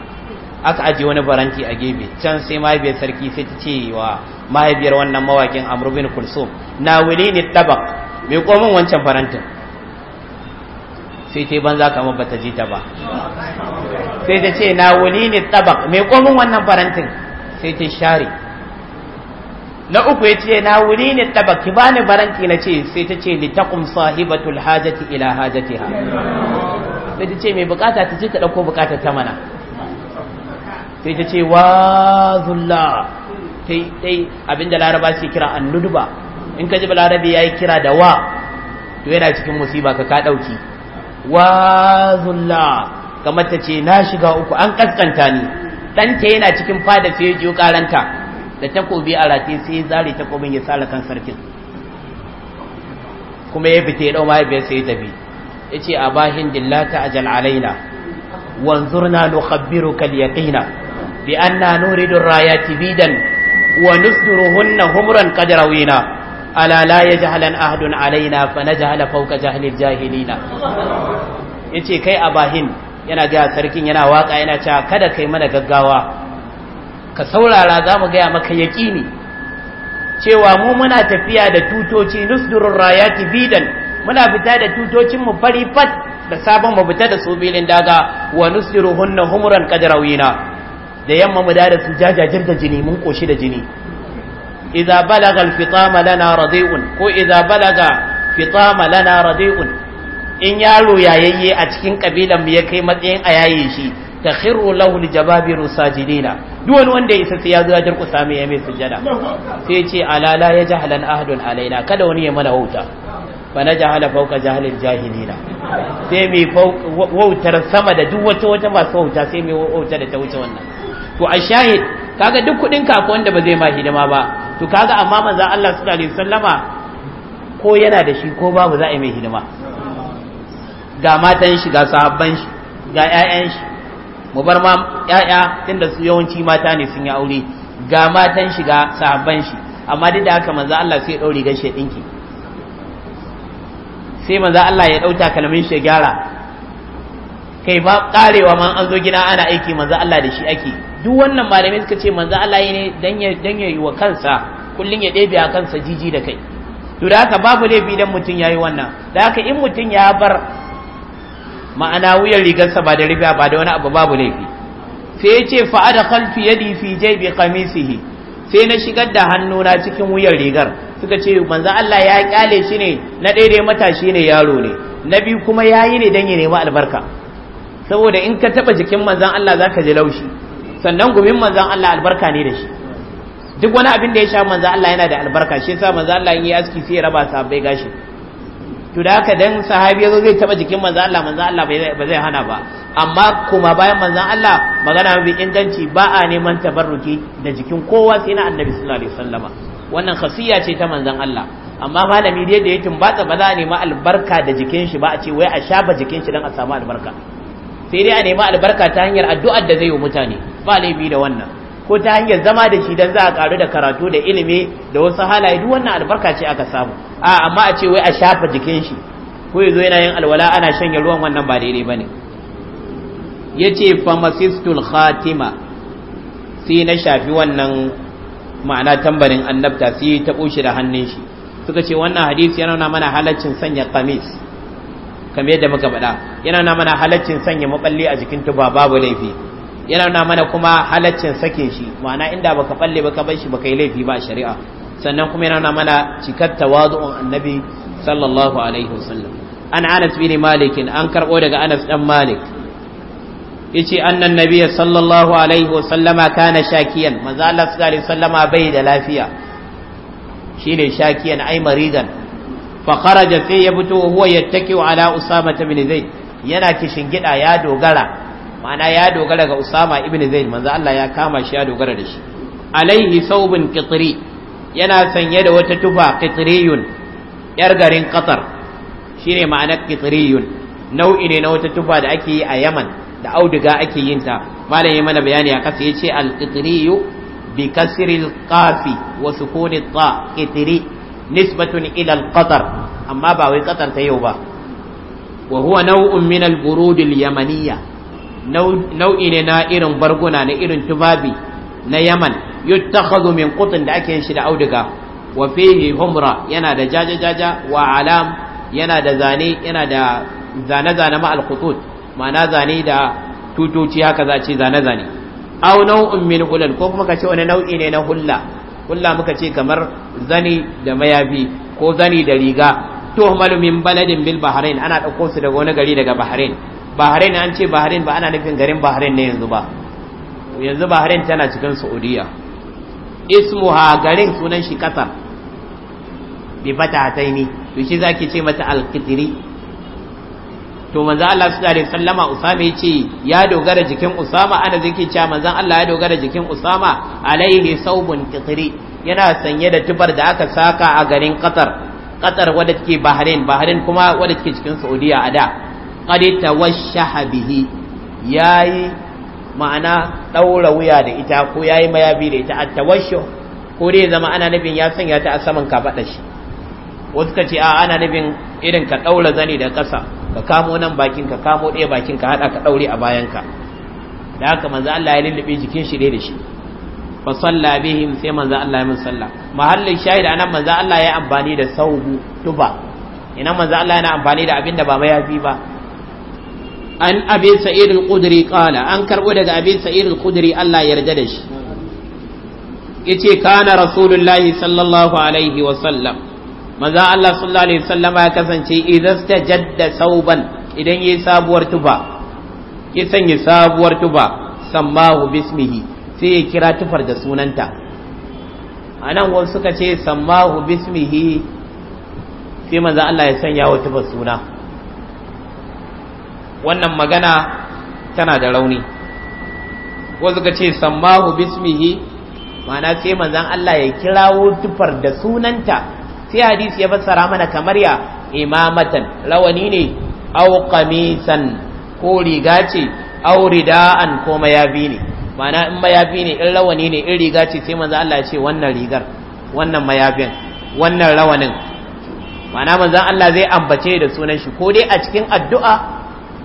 aka ajiye wani baranti a gefe can sai mahaifiyar sarki sai ta ce wa mahaifiyar wannan mawakin amurbin kulsum na wuli ni tabak mai komin wancan farantin sai ta yi banza kamar bata ji ta ba sai ta ce na wuli ni tabak mai komin wannan farantin sai ta share na uku ya ce na wuri ne taba ki bani baranki na ce sai ta ce litaqum sahibatul hajati ila hajatiha sai ta ce mai bukata ta ce ta dauko bukatar ta mana sai ta ce wa zulla tai tai abinda laraba suke kira annuduba in ka ji balarabi yayi kira da wa to yana cikin musiba ka ka dauki wa zulla kamar ta ce na shiga uku an kaskanta ni ɗanta yana cikin fada sai ya ji karanta da takobi a rati sai ya zare takobin ya sa kan sarkin kuma ya fita ya dau biya sai ya tafi ya ce a bahin dillata ajal alaina na nukhabbiruka al-yaqina bi anna nuridu rayati bidan wa nusduruhunna humran qad rawina ala la yajhalan ahadun alaina fa najhala fawqa jahli jahilina yace kai a bahin yana ga sarkin yana waka yana cewa kada kai mana gaggawa ka saurara za mu gaya maka yaƙini cewa mu muna tafiya da tutoci nusdurur rayati bidan muna fita da tutocin mu fari fat da sabon mu fita da su filin daga wa hunna humuran kadrawina. da yamma mu da su jajajir da jini mun koshi da jini idza balaga alfitama lana radiun ko idza balaga fitama lana radiun in yaro yayayye a cikin kabilan mu ya kai matsayin a shi takhiru lahu aljababiru rusajidina duk wani wanda ya sai ya zo ya durkusa mai ya mai sujada sai ya ce alala ya jahalan ahadun alaina kada wani ya mana wauta fa na jahala fawqa jahalil jahilina sai mai wautar sama da duk wata wata masu wauta sai mai wauta da ta wuce wannan to a shahid kaga duk kudin ka wanda ba zai ma hidima ba to kaga amma manzo Allah sallallahu alaihi wasallama ko yana da shi ko babu za a yi mai hidima ga matan shi ga sahabban shi ga ƴaƴan shi mu bar ma ƴaƴa tunda su yawanci mata ne sun yi aure ga matan shi ga sahabban shi amma duk da haka manzo Allah sai ya dauri rigar shi dinki sai manzo Allah ya dauta kalmin shi gyara kai ba karewa man an zo gida ana aiki manzo Allah da shi ake duk wannan malamai suka ce manzo Allah ne dan ya dan yi wa kansa kullun ya ɗebe a kansa jiji da kai to da haka babu laifi dan mutum yayi wannan da haka in mutum ya bar ma'ana wuyan rigarsa ba da rufi ba da wani abu babu laifi sai ya ce fa'ada khalfi yadi fi jaybi qamisihi sai na shigar da hannuna cikin wuyan rigar suka ce manzo Allah ya kyale shi ne na daidai matashi ne yaro ne na biyu kuma yayi ne dan ya nemi albarka saboda in ka taba jikin manzon Allah zaka ji laushi sannan gumin manzon Allah albarka ne da shi duk wani abin da ya sha manzan Allah yana da albarka shi yasa manzan Allah in yi aski sai ya raba sabai gashi to da haka dan sahabi yazo zai taba jikin manzo Allah manzo Allah ba zai hana ba amma kuma bayan manzo Allah magana bi inganci ba a neman tabarruki da jikin kowa sai na annabi sallallahu alaihi wasallama wannan khasiyya ce ta manzon Allah amma malami da yadda ya tumbatsa ba za a nema albarka da jikin shi ba a ce wai a shafa jikin shi dan a samu albarka sai dai a nema albarka ta hanyar addu'ar da zai yi mutane ba laifi da wannan ko ta hanyar zama da shi dan za a karu da karatu da ilimi da wasu halaye duk wannan albarka ce aka samu a amma a ce wai a shafa jikin shi ko yazo yana yin alwala ana shanye ruwan wannan ba daidai bane yace famasistul khatima sai na shafi wannan ma'ana tambarin annabta sai ta bushe da hannun shi suka ce wannan hadisi yana nuna mana halaccin sanya kamis kamar yadda muka faɗa yana nuna mana halaccin sanya maballi a jikin tuba babu laifi yana nuna mana kuma halaccin sakin shi ma'ana inda baka falle baka bar shi baka yi laifi ba shari'a sannan kuma yana nuna mana cikar tawazu'un annabi sallallahu alaihi wasallam an Anas bin Malik an karbo daga Anas dan Malik yace annan nabiyyi sallallahu alaihi wasallama kana shakiyan manzo Allah sallallahu alaihi wasallama bai da lafiya shine shakiyan ai maridan fa kharaja sai ya fito huwa yattaki'u ala usama bin zaid yana kishin gida ya dogara ma'ana ya dogara ga usama ibn zaid manzo Allah ya kama shi ya dogara da shi alaihi saubun qitri yana sanye da wata tufa qitriyun yar garin qatar shine ma'anar qitriyun nau'i ne na wata tufa da ake yi a yaman da auduga ake yin ta malam mana bayani a kasa yace al qitriyu bi kasri al qafi wa sukuni ta qitri nisbatun ila al qatar amma ba wai qatar ta yau ba wa nau'in minal min al yamaniyya nau'i ne na irin barguna na irin tubabi na yaman yuttakhadhu min qutn da ake yin shi da auduga wa fihi humra yana da jaja jaja wa alam yana da zane yana da zane zane ma alqutut ma'ana zane da tutuci haka za ce zane zane aw nau'un min hulal ko kuma kace wani nau'i ne na hulla hulla muka ce kamar zani da mayafi ko zani da riga tuhmalu min baladin bil bahrain ana dauko su daga wani gari daga bahrain bahrain an ce bahrain ba ana nufin garin bahrain ne yanzu ba yanzu bahrain tana cikin saudiya ismuha garin sunan shi kasar bi fata taini to shi zaki ce mata alkitiri to manzo Allah sallallahu alaihi wasallama Usama yace ya dogara jikin Usama ana zake cewa manzo Allah ya dogara jikin Usama alaihi saubun kitiri yana sanye da tubar da aka saka a garin Qatar Qatar wadda take Bahrain Bahrain kuma wadda take cikin Saudiya a da qad Habihi bihi yayi ma'ana daura wuya da ita ko yayi mayabi da ita at-tawashshu ko dai zama ana nabin ya sanya ta a saman faɗa shi wasu ka ce a ana nabin irin ka daura zani da kasa ka kamo nan bakin ka kamo ɗaya bakin ka hada ka daure a bayan ka da haka manzo Allah ya lullube jikin shi dai da shi fa salla bihim sai manzo Allah ya min salla mahallin shahida anan manzo Allah ya amfani da saubu tuba ina manzo Allah yana amfani da abinda ba mayafi ba an abi sa'id al-khudri qala an karbo daga abin sa'id al-khudri Allah yarda da shi yace kana rasulullahi sallallahu alaihi wa sallam manzo Allah sallallahu alaihi wasallam ya kasance idan ta jadda sauban idan yayi sabuwar tufa ki sanya sabuwar tufa sammahu bismihi sai ya kira tufar da sunanta anan wasu suka ce sammahu bismihi sai manzo Allah ya sanya wa tufar suna wannan magana tana da rauni Ko ka ce sammahu bismihi mana sai manzan Allah ya kirawo tufar da sunanta sai hadisi ya fassara mana kamar ya imamatan rawani ne au qamisan ko riga ce au rida'an ko mayabi ne mana in mayabi ne in rawani ne in riga ce sai manzan Allah ya ce wannan rigar wannan mayabin wannan rawanin mana manzan Allah zai ambace da sunan shi ko dai a cikin addu'a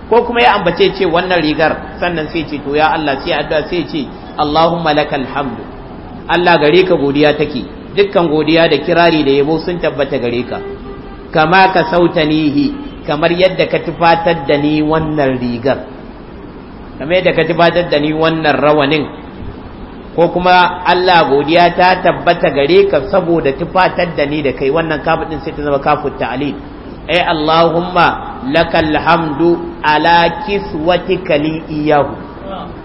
ko kuma ya ambace ce wannan rigar sannan sai ce to ya Allah sai addu'a sai ce Allahumma lakal hamdu Allah gare ka godiya take dukkan godiya da kirari da yabo sun tabbata gare ka kama ka sautanihi kamar yadda ka tufatar da ni wannan rigar kamar yadda ka tufatar da ni wannan rawanin ko kuma Allah godiya ta tabbata gare ka saboda tufatar da ni da kai wannan kafin sai ta zama kafin ta'alil ai eh, Allahumma lakal alhamdu ala kiswatika kali iyahu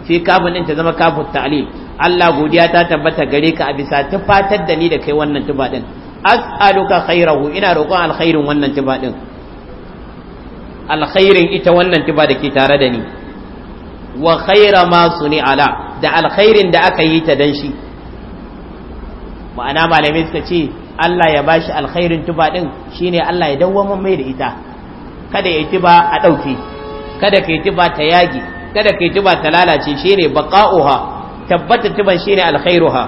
fi kafin in ta zama kafin ta'ali Allah godiya ta tabbata gare ka a bisa tufatar da ni da kai wannan tuba din as'aluka khairahu ina roƙon alkhairin wannan tuba din alkhairin ita wannan tuba da ke tare da ni wa khaira ma suni ala da alkhairin da aka yi ta dan shi ma'ana malamai suka ce Allah ya bashi alkhairin tuba din shine Allah ya dawwama mai da ita kada ya kiba a ɗauke kada ka yi ta yage kada ka yi ta lalace shine baqa'uha tabbata kiban shine alkhairuha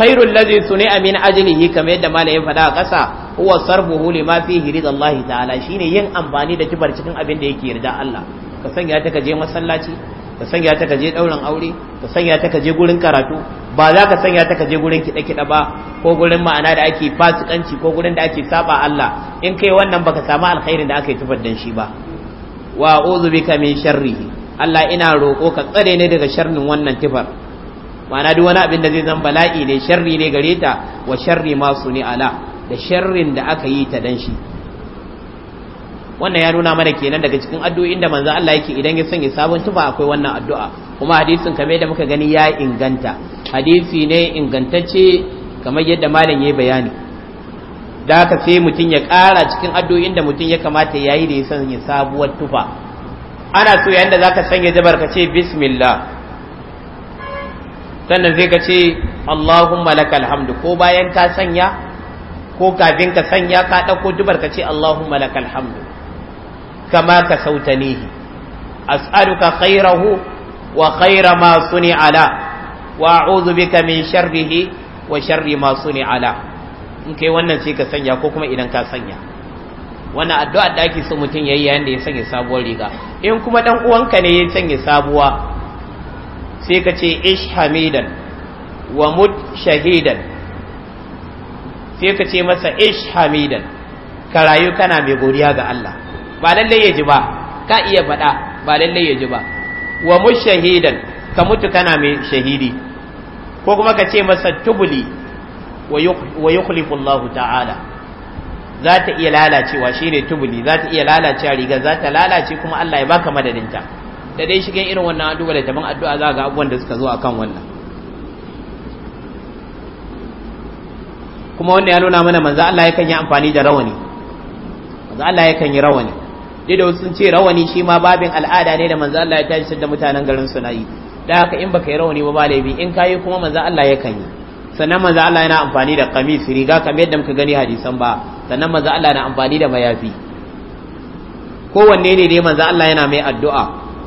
khairul ladhi suni'a min ajlihi kamar yadda malai ya faɗa a ƙasa huwa sarfuhu lima fihi Allah ta'ala shine yin amfani da kibar cikin abin da yake yarda Allah ka sanya ta ka je masallaci ka sanya ta ka je ɗaurin aure ka sanya ta ka je gurin karatu ba za ka sanya ta kaje gurin kiɗe-kiɗe ba ko gurin ma'ana da ake fasikanci ko gurin da ake saba Allah in kai wannan baka samu alkhairin da aka yi tufar dan shi ba wa uzu bika min sharrihi Allah ina roko ka tsare ne daga sharrin wannan tufar ma'ana duk wani abin da zai zan bala'i ne sharri ne gare ta wa sharri ma suni ala da sharrin da aka yi ta dan shi wannan ya nuna mana kenan daga cikin addu'o'in da manzo Allah yake idan ya sanya sabon tufa akwai wannan addu'a kuma hadisin kamar yadda muka gani ya inganta hadisi ne ingantacce kamar yadda malam yayi bayani da ka sai mutum ya ƙara cikin addu'o'in da mutum ya kamata ya yi da ya sanya sabuwar tufa ana so yanda da zaka sanya jabar ka ce bismillah sannan zai ka ce Allahumma lakal hamdu ko bayan ka sanya ko kafin ka sanya ka dauko dubar ka ce Allahumma lakal hamdu kama ka sautanihi ka khairahu wa khaira ma suni ala wa a'udhu bika min sharrihi wa sharri ma suni ala in kai wannan sai ka sanya ko kuma idan ka sanya wannan addu'a da ake so mutum yayi yayin da ya sanya sabuwar riga in kuma dan uwanka ne ya sanya sabuwa sai ka ce ish hamidan wa mut shahidan sai ka ce masa ish hamidan ka rayu kana mai godiya ga Allah ba lalle ya ji ba ka iya faɗa ba lalle ya ji ba wa mushahidan ka mutu kana mai shahidi ko kuma ka ce masa tubuli wa yukhlifu Allah ta'ala za ta iya lalacewa shine tubuli za ta iya lalacewa riga za ta lalace kuma Allah ya baka madadinta da dai shigen irin wannan addu'a da taban addu'a za ga abubuwan da suka zo akan wannan kuma wanda ya nuna mana manzo Allah yakan yi amfani da rawani manzo Allah yakan yi rawani dai da sun ce rawani shi ma babin al'ada ne da manzo Allah ya tashi da mutanen garin su na yi da haka in baka yi rawani ba malami in kayi kuma manzo Allah ya kan yi sannan manzo Allah yana amfani da qamis riga kamar yadda muka gani hadisan ba sannan manzo Allah yana amfani da mayafi kowanne ne dai manzo Allah yana mai addu'a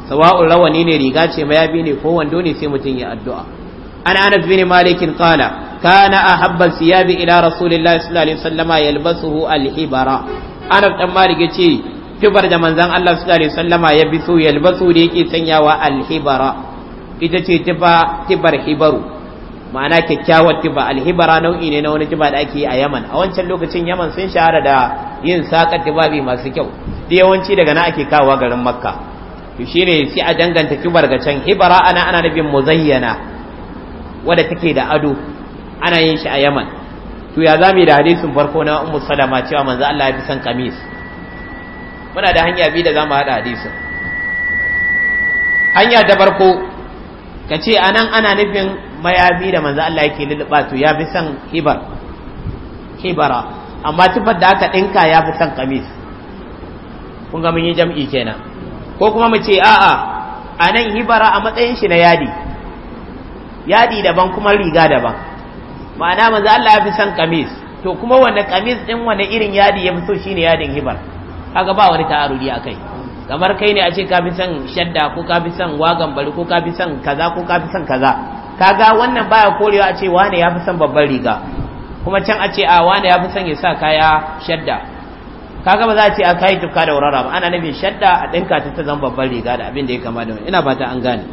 sawa'ul rawani ne riga ce mayafi ne ko wando ne sai mutum ya addu'a an anas bin malik qala kana ahabba siyabi ila rasulillahi sallallahu alaihi wasallama yalbasuhu al-hibara anas dan malik ce tubar da manzan Allah su alaihi sallama ya bi so yalbasu da yake sanyawa alhibara ita ce tubar tibar hibaru ma'ana kyakkyawar tuba alhibara nau'i ne na wani tuba da ake a Yaman a wancan lokacin Yaman sun shahara da yin sakar tibabi masu kyau da yawanci daga na ake kawo garin Makka to shine sai a danganta tubar ga can hibara ana ana nabin muzayyana wadda take da ado ana yin shi a Yaman to ya zame da hadisin farko na Ummu Salama cewa manzo Allah ya fi san kamis muna da hanya biyu da za mu haɗa hadisin hanya ta farko ka ce a nan ana nufin mayafi da manzo Allah yake lulluɓa to ya fi son hibara amma tufar da aka ɗinka ya fi son kamis kun ga mun yi jam'i kenan ko kuma mu ce a'a a nan hibara a matsayin shi na yadi yadi daban kuma riga daban ma'ana manzo Allah ya fi son kamis to kuma wanda kamis ɗin wanda irin yadi ya fi so shi ne yadin hibar kaga ba wani ta'arudi akai kamar kai ne a ce ka fi son shadda ko ka fi son wagan bari ko ka fi son kaza ko ka fi son kaza kaga wannan baya korewa a ce wane ya fi son babban riga kuma can a ce a wane ya fi son ya sa kaya shadda kaga ba za a ce a kai tuka da wurara ba ana nufin shadda a ɗinka ta zan babban riga da abin da ya kama da wani ina fata an gane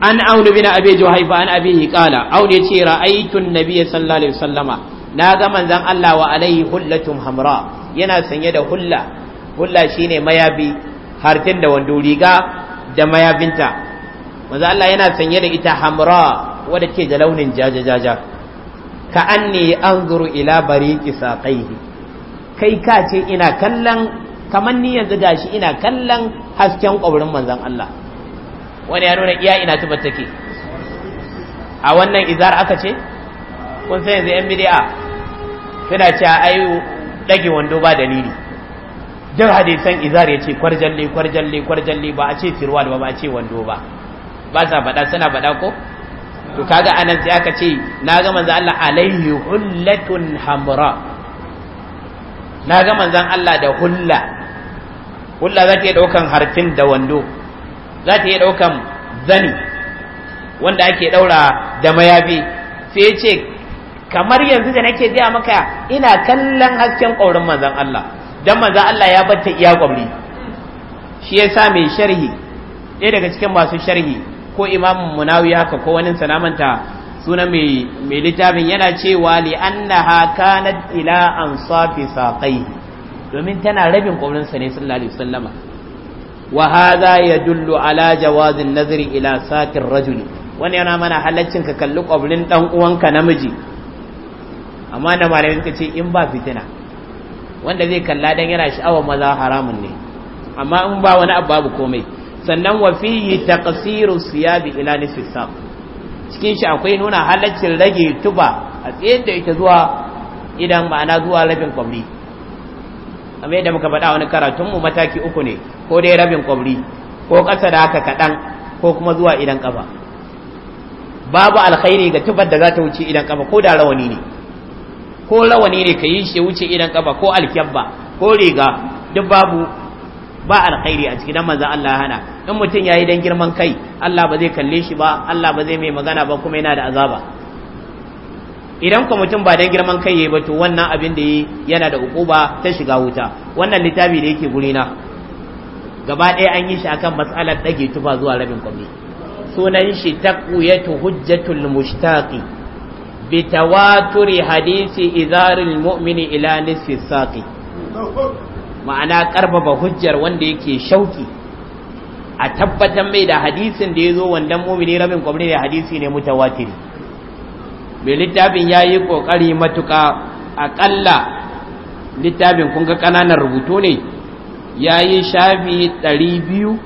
an auni bin abi juhaifa an abi qala aun ce ra'aytu an-nabiy sallallahu alaihi wasallama na ga manzon Allah wa alaihi hullatum hamra yana sanye da hulla hulla shine mayabi hartin da wando riga da mayabinta maza Allah yana sanye da ita hamra wadda ke da launin jajajaja ka anni anzuru ila bariqi saqaihi kai ka ce ina kallon kamar ni yanzu gashi ina kallon hasken kwabrin manzon Allah wani ya nuna iya ina tubar take a wannan izar aka ce kun san yanzu yan bid'a suna a ayu ɗage wando ba dalili duk hadisan izar ya ce kwarjalle kwarjalle kwarjalle ba a ce firwal ba ba a ce wando ba ba sa faɗa suna faɗa ko to kaga anan sai aka ce na ga manzan Allah alaihi hullatun hamra na ga manzan Allah da hulla hulla za ta yi ɗaukan harfin da wando za ta yi ɗaukan zani wanda ake ɗaura da mayafi sai ya ce kamar yanzu da nake gaya maka ina kallon hasken ƙaurin manzan Allah dan manzon Allah ya batta iya ƙauri shi yasa mai sharhi ɗaya daga cikin masu sharhi ko imamun munawi haka ko wani sanamanta sunan mai littafin yana cewa li annaha kanat ila ansafi saqai domin tana rabin ƙaurin sa ne sallallahu alaihi wasallama wa hadha yadullu ala jawazin nazari ila satir rajuli wani yana mana halaccin ka kalli ƙwabrin ɗan uwanka namiji amma da malamai suka ce in ba fitina wanda zai kalla dan yana sha'awar maza haramun ne amma in ba wani abu babu komai sannan wa fihi taqsiru siyabi ila nisfi cikin shi akwai nuna halaccin rage tuba a tsayin da ita zuwa idan ma'ana zuwa rabin kwabri amma yadda muka faɗa wani karatun mu mataki uku ne ko dai rabin kwabri ko ƙasa da haka kaɗan ko kuma zuwa idan ƙafa babu alkhairi ga tubar da za ta wuce idan ƙafa ko da rawani ne ko rawani ne ka yi shi wuce idan kafa ko alkyabba ko riga duk babu ba alkhairi a cikin manzon Allah ya hana in mutum yayi dan girman kai Allah ba zai kalle shi ba Allah ba zai mai magana ba kuma yana da azaba idan ko mutum ba dan girman kai yayi ba to wannan abin da yi yana da ukuba ta shiga wuta wannan littafi da yake gurina gaba ɗaya an yi shi akan mas'alar ɗage tufa zuwa rabin kwami sunan shi taqwiyatu hujjatul mushtaqi bitawaturi hadisi izaril mu'mini ila nisfi saqi ma'ana ƙarfafa hujjar wanda yake shauki a tabbatar mai da hadisin da ya zo wandan mu'mini rabin kwamni da hadisi ne mutawatiri mai littafin ya yi ƙoƙari matuƙa aƙalla littafin kun ga ƙananan rubutu ne ya yi shafi ɗari biyu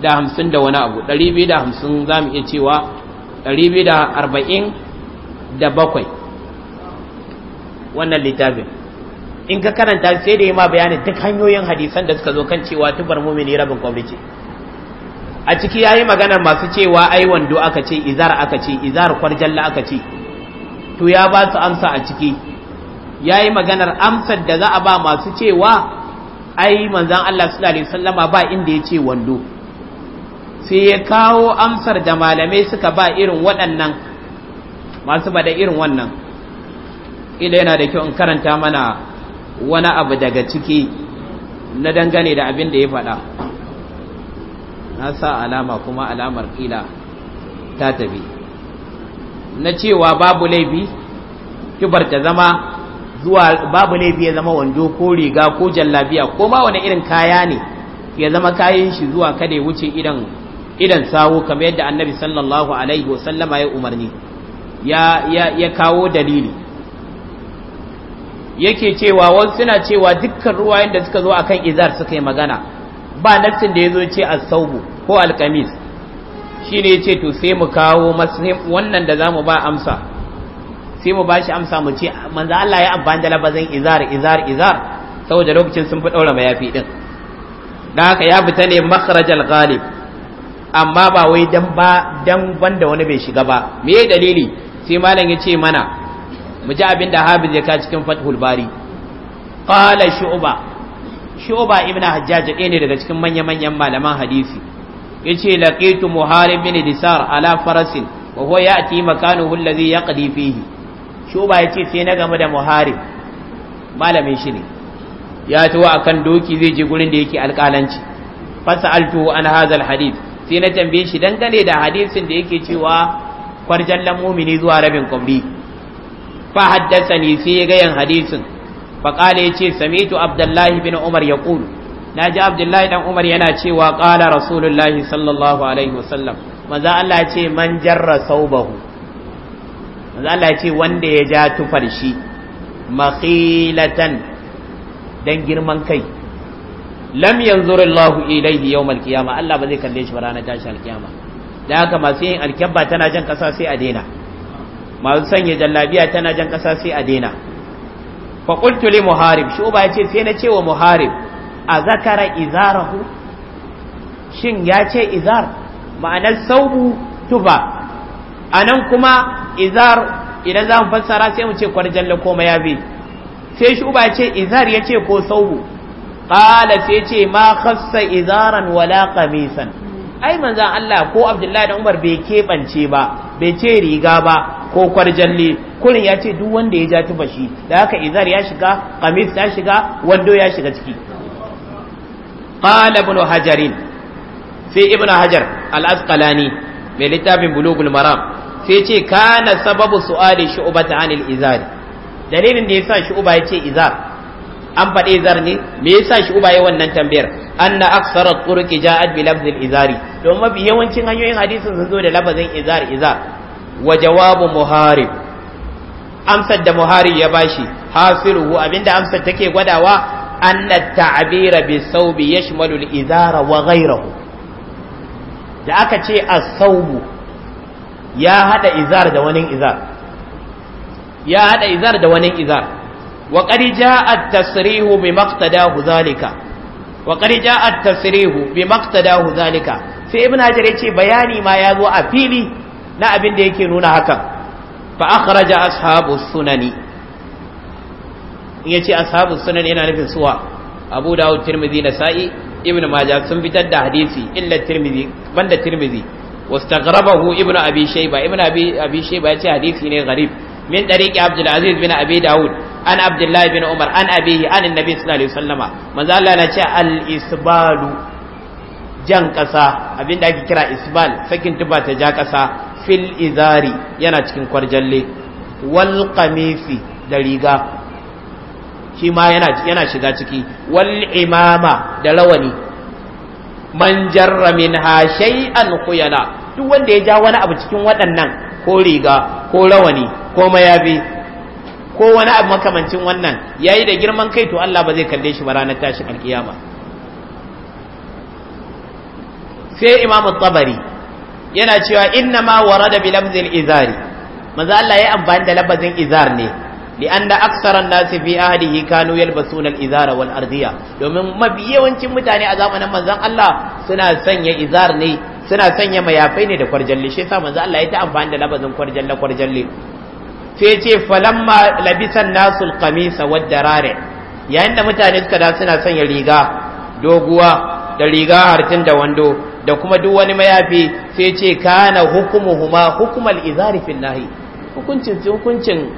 da hamsin da wani abu ɗari biyu da hamsin za mu iya cewa ɗari biyu da arba'in da bakwai wannan littafin in ka karanta sai da yi ma bayanin duk hanyoyin hadisan da suka zo kan cewa tubar mumini rabin kwamiti a ciki ya yi maganar masu cewa ai wando aka ce izar aka ce izar kwarjalla aka ce to ya ba su amsa a ciki ya yi maganar amsar da za a ba masu cewa ai manzan Allah Suna alaihi Sallama ba inda ya ce wando sai ya kawo amsar da malamai suka ba irin waɗannan masu bada irin wannan ila yana da kyau in karanta mana wani abu daga ciki na dangane da abin da ya faɗa na sa alama kuma alamar ƙila ta tafi na cewa babu laifi kibar ta zama zuwa babu laifi ya zama wando ko riga ko jallabiya ko ma wani irin kaya ne ya zama kayan shi zuwa kada ya wuce idan idan sawo kamar yadda annabi sallallahu alaihi wasallama ya umarni ya, kawo dalili yake cewa wasu suna cewa dukkan ruwayen da suka zo akan izar suka yi magana ba nassin da ya zo ce al-saubu ko alkamis shi ne ce to sai mu kawo wannan da za mu ba amsa sai mu ba shi amsa mu ce manzo Allah ya amfani da labazin izar izar izar saboda lokacin sun fi daura mayafi din da haka ya fita ne makharajal ghalib amma ba wai dan ba dan banda wani bai shiga ba me dalili sai malam ya ce mana mu ji abin da habiz ya ka cikin fathul bari qala shu'ba shu'ba ibn hajjaj ɗaya ne daga cikin manya-manyan malaman hadisi yace laqitu muharib bin disar ala farasin wa huwa ya'ti makanuhu alladhi yaqdi fihi shu'ba yace sai na game da muharib malamin shi ne ya tawo akan doki zai je gurin da yake alƙalanci fasaltu an hadha alhadith sai na tambaye shi dangane da hadisin da yake cewa kwarjallan mumini zuwa rabin kumbi fa haddasani sai ya gayan hadisin fa qala yace samitu abdullahi bin umar Na ji abdullahi dan umar yana cewa qala rasulullahi sallallahu alaihi wasallam maza Allah ce man jarra saubahu Maza Allah ce wanda ya ja tufar shi makhilatan dan girman kai lam yanzur ilai ilayhi yawm qiyamah Allah ba zai kalle shi ba ranar tashin al da haka masu yin alkyabba tana jan kasa sai a daina masu sanya jallabiya tana jan kasa sai a daina qultu li muharib shi uba yace sai na ce wa muharib a zakara izarahu shin ya ce izar ma'anar saubu tuba a nan kuma izar idan za mu fassara sai mu ce kwarjalla ko mayabi sai shi uba yace izar yace ko saubu ƙala sai ce ma khassa izaran wala qamisan ai manzan Allah ko Abdullahi da Umar bai keɓance ba bai ce riga ba ko kwarjalle kurin ya ce duk wanda ya ja tufa shi da haka izar ya shiga kamis ya shiga wando ya shiga ciki qala ibn hajarin sai ibn hajar al-asqalani mai littafin bulugul maram sai ce kana sababu su'ali shu'bata anil izar dalilin da yasa shu'ba ya ce izar an faɗe zar ne me yasa shi uba ya wannan tambayar anna aksara turuki ja'at bi lafzil izari don mafi yawancin hanyoyin hadisin sun zo da lafazin izar izar wa jawabu muharib amsar da muhari ya bashi hasiruhu abinda amsar take gwadawa anna ta'bira bi saubi yashmalu al-izara wa ghayrahu da aka ce as-saubu ya hada izar da wani izar ya hada izar da wani izar wa qad jaa at-tasrihu bi maqtadahu zalika wa qad jaa at-tasrihu bi maqtadahu zalika sai ibn hajar ce bayani ma ya zo a fili na abin da yake nuna hakan fa akhraja ashabu sunani yace ashabu sunani yana nufin suwa abu dawud tirmidhi sa'i ibn majah sun fitar da hadisi illa tirmidhi banda tirmidhi واستغربه Ibn ابي شيبه Ibn ابي ابي شيبه yace hadisi ne gharib min طريق عبد العزيز bin ابي Dawud an عبد bin Umar an abihi an annabi النبي صلى الله عليه وسلم na ce al isbalu jan kasa abinda ake kira isbal sakin tuba ta ja kasa fil izari yana cikin kwarjalle wal qamisi da riga shi ma yana yana shiga ciki wal imama da rawani man jarra minha shay'an khuyala duk wanda ya ja wani abu cikin waɗannan ko riga ko rawani ko mayafi ko wani abu makamancin wannan yayi da girman kai to Allah ba zai kalle shi ba ranar tashi alkiyama sai imamu tabari yana cewa inna ma warada bi lamzil izari manzo Allah ya amfani da labazin izar ne لأن أكثر الناس في أهله كانوا يلبسون الإزار والأرضية domin mafi yawancin mutane a zamanin manzon Allah suna sanya izar ne suna sanya mayafai ne da kwarjalle shi yasa manzon Allah ya ta amfani da labazin kwarjalle kwarjalle sai ce falamma labisan nasul wadda rare yayin da mutane suka da suna sanya riga doguwa da riga hartin da wando da kuma duk wani mayafi sai ce kana hukumuhuma hukumal izari fil nahi hukuncin hukuncin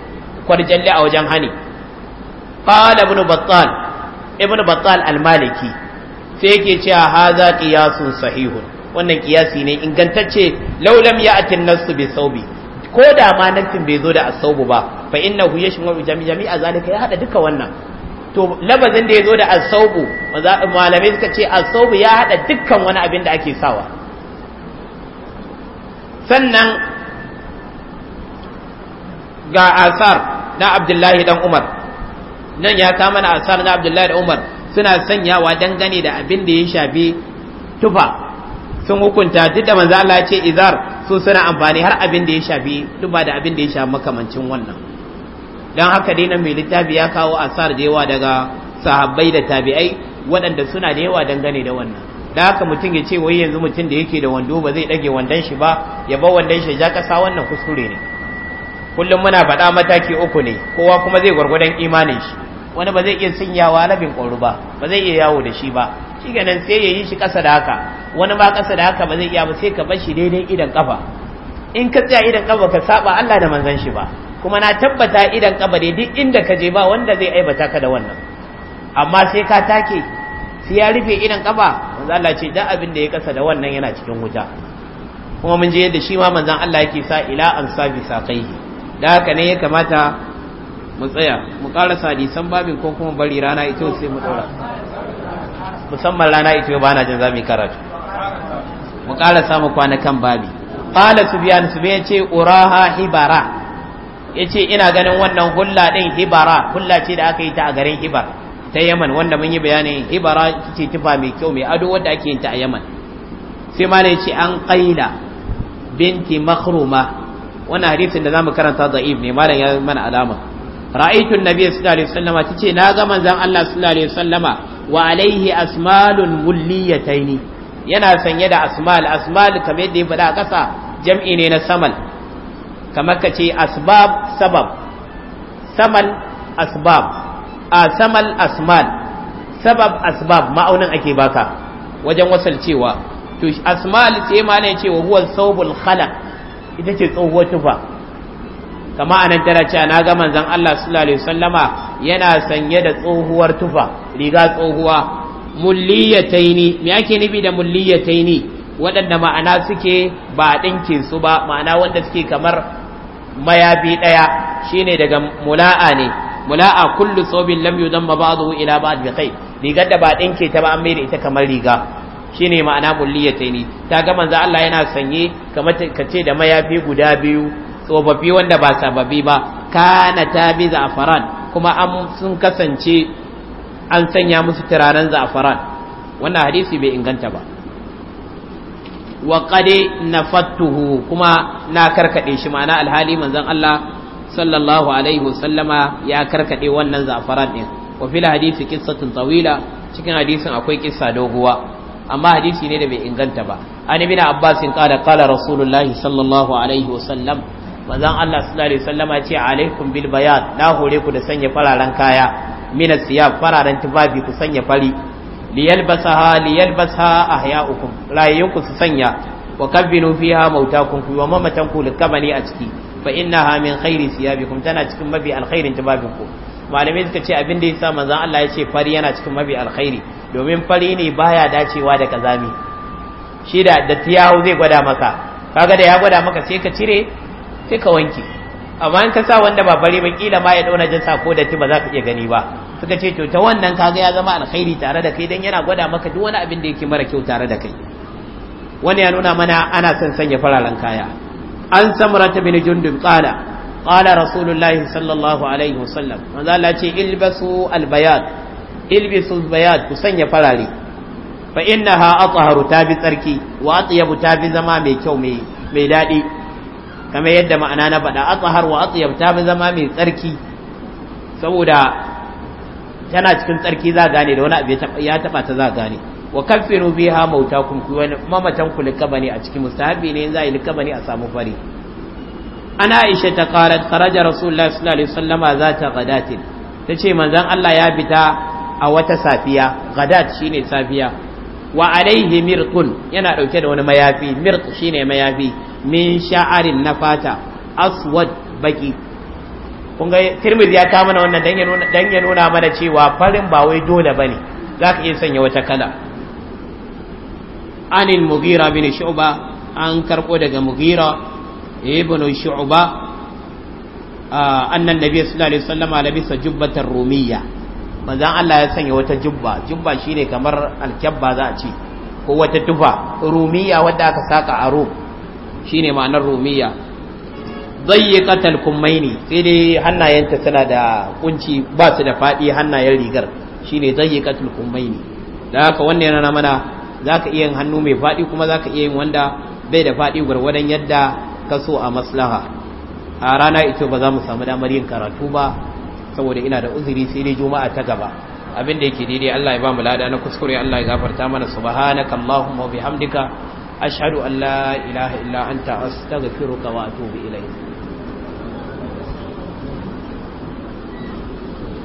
kwarjalle a wajen hani qala ibn battal ibn battal al-maliki sai yake cewa haza qiyasun sahihun wannan kiyasi ne ingantacce laulam yatin nasu nass bi ko da ma nassin bai zo da asaubu ba fa innahu jami a zalika ya hada duka wannan to labazin da ya zo da asaubu malamai suka ce asaubu ya hada dukkan wani abin da ake sawa sannan ga asar na abdullahi dan umar nan ya ta mana asar na abdullahi dan umar suna sanyawa dangane da abin da ya shafi tufa sun hukunta duk da manzo Allah ya ce izar su suna amfani har abin da ya shafi duk ba da abin da ya shafi makamancin wannan dan haka dai nan mai littafi ya kawo asar da yawa daga sahabbai da tabi'ai waɗanda suna da yawa dangane da wannan da haka mutum ya ce wai yanzu mutum da yake da wando ba zai ɗage wandon shi ba ya bar wandon shi ja kasa wannan kuskure ne kullum muna faɗa mataki uku ne kowa kuma zai gwargwadon imanin shi wani ba zai iya sinyawa rabin ƙwaru ba ba zai iya yawo da shi ba shi ganin sai ya yi shi ƙasa da haka wani ba ƙasa da haka ba zai iya ba sai ka bashi daidai idan ƙafa in ka tsaya idan ƙafa ka saba Allah da manzon shi ba kuma na tabbata idan ƙafa dai duk inda ka je ba wanda zai aibata ka da wannan amma sai ka take sai ya rufe idan ƙafa manzo Allah ce da abin da ya ƙasa da wannan yana cikin wuta kuma mun je yadda shi ma manzon Allah yake sa ila an sabi kai da haka ne ya kamata mu tsaya mu karasa hadisan babin ko kuma bari rana ita sai mu daura musamman rana ita ba na jin za mu karatu mu karasa mu kwanakan babi qala subyan subyan ce uraha hibara yace ina ganin wannan hulla din hibara hulla ce da aka yi ta a garin hibar ta yaman wanda mun yi bayanin hibara ce tufa mai kyau mai ado wanda ake yin ta a yaman sai ma ne ce an qaila binti makhruma wannan hadisin da zamu karanta da ne malam ya mana alama ra'aytu an-nabiy sallallahu alaihi wasallama tace na ga manzon Allah sallallahu alaihi wasallama wa alaihi asmalun mulliyataini yana sanye da asmal asmal kamar yadda ya faɗa a ƙasa jam'i ne na samal kamar ka ce asbab sabab samal asbab a samal asmal sabab asbab ma'aunin ake baka wajen wasal cewa to asmal sai ma ne ce wa huwa thawbul khalaq ita ce tsohuwar tufa kama anan tana cewa na ga manzon Allah sallallahu alaihi wasallama yana sanye da tsohuwar tufa riga tsohuwa mulliyataini me yake nufi da mulliyataini waɗanda ma'ana suke ba ɗinkin su ba ma'ana wanda suke kamar mayabi ɗaya shine daga mula'a ne mula'a kullu thawbin lam yudamma ba'dahu ila ba'd bi khayr rigar da ba ɗinke ta ba an mai da ita kamar riga shine ma'ana mulliyataini ta ga manzo Allah yana sanye kamar kace da mayafi guda biyu tsofaffi wanda ba sababbi ba kana ta bi za'afaran kuma an sun kasance an sanya musu turaren za'afaran wannan hadisi bai inganta ba wa qade nafattuhu kuma na karkade shi ma'ana alhali manzon Allah sallallahu alaihi wasallama ya karkade wannan za'afaran din wa fil hadisi qissatun tawila cikin hadisin akwai kissa doguwa amma hadisi ne da bai inganta ba an ibn abbas in kada kala rasulullahi sallallahu alaihi wasallam manzan Allah sallallahu alaihi wasallama ce alaikum bil bayan na hore ku da sanya fararen kaya min siyab fararen tubabi ku sanya fari liyalbasaha liyalbasaha ahya'ukum rayukum su sanya wa kabbinu fiha mautakum ku wa ku likamani a ciki fa innaha min khairi siyabikum tana cikin mafi alkhairin tubabinku malamai suka ce abin da yasa manzan Allah ya ce fari yana cikin mafi alkhairi domin fari ne baya dacewa da kazami Shida da da tiyahu zai gwada maka kaga da ya gwada maka sai ka cire sai ka wanke amma in ka sa wanda ba bare ba kila ma ya dauna jin sako da ti ba za ka iya gani ba suka ce to ta wannan kaga ya zama alkhairi tare da kai dan yana gwada maka duk wani abin da yake mara kyau tare da kai wani ya nuna mana ana son sanya fararen kaya an samrata bin jundub qala qala rasulullahi sallallahu alaihi wasallam manzo Allah ce ilbasu albayad ilbisu albayad ku sanya farare fa innaha atharu ta bi tsarki wa atyabu ta bi zama mai kyau mai mai dadi kamar yadda ma'ana na bada atsahar wa atsiyab ta bi zama mai tsarki saboda tana cikin tsarki za gane da wani abu ya taɓa ta za gane wa kaffinu biha mautakum ku wani mamatan ku likabani a cikin mustahabi ne za a yi likabani a samu fari ana aisha ta qarat kharaja rasulullahi sallallahu alaihi wasallama zata ghadatin tace manzon Allah ya fita a wata safiya gadat shine safiya wa alaihi mirqun yana dauke da wani mayafi mirq shine mayafi min sha'arin na fata aswad baki kun ga tirmidhi ya ta mana wannan dan ya nuna dan ya mana cewa farin ba wai dole bane zaka iya sanya wata kala anil mughira bin shu'ba an karbo daga mughira ibn shu'ba ah, annan nabiy sallallahu alaihi wasallam alabisa jubbatar rumiyya manzan Allah ya sanya wata jubba jubba shine kamar alkyabba za a ce ko wata tufa rumiya wadda aka saka a rum shine ma'anar rumiya dayyiqatal kummaini sai dai hannayenta suna da kunci ba su da fadi hannayen rigar shine dayyiqatul kummaini da haka wannan yana mana zaka iya yin hannu mai fadi kuma zaka iya yin wanda bai da fadi gwargwadon yadda ka so a maslaha a rana ito ba za mu samu damar yin karatu ba saboda ina da uzuri sai dai juma'a ta gaba abinda yake daidai Allah ya ba mu lada na kuskure Allah ya gafarta mana subhanaka allahumma wa bihamdika ashhadu an la ilaha illa anta astaghfiruka wa atubu ilayk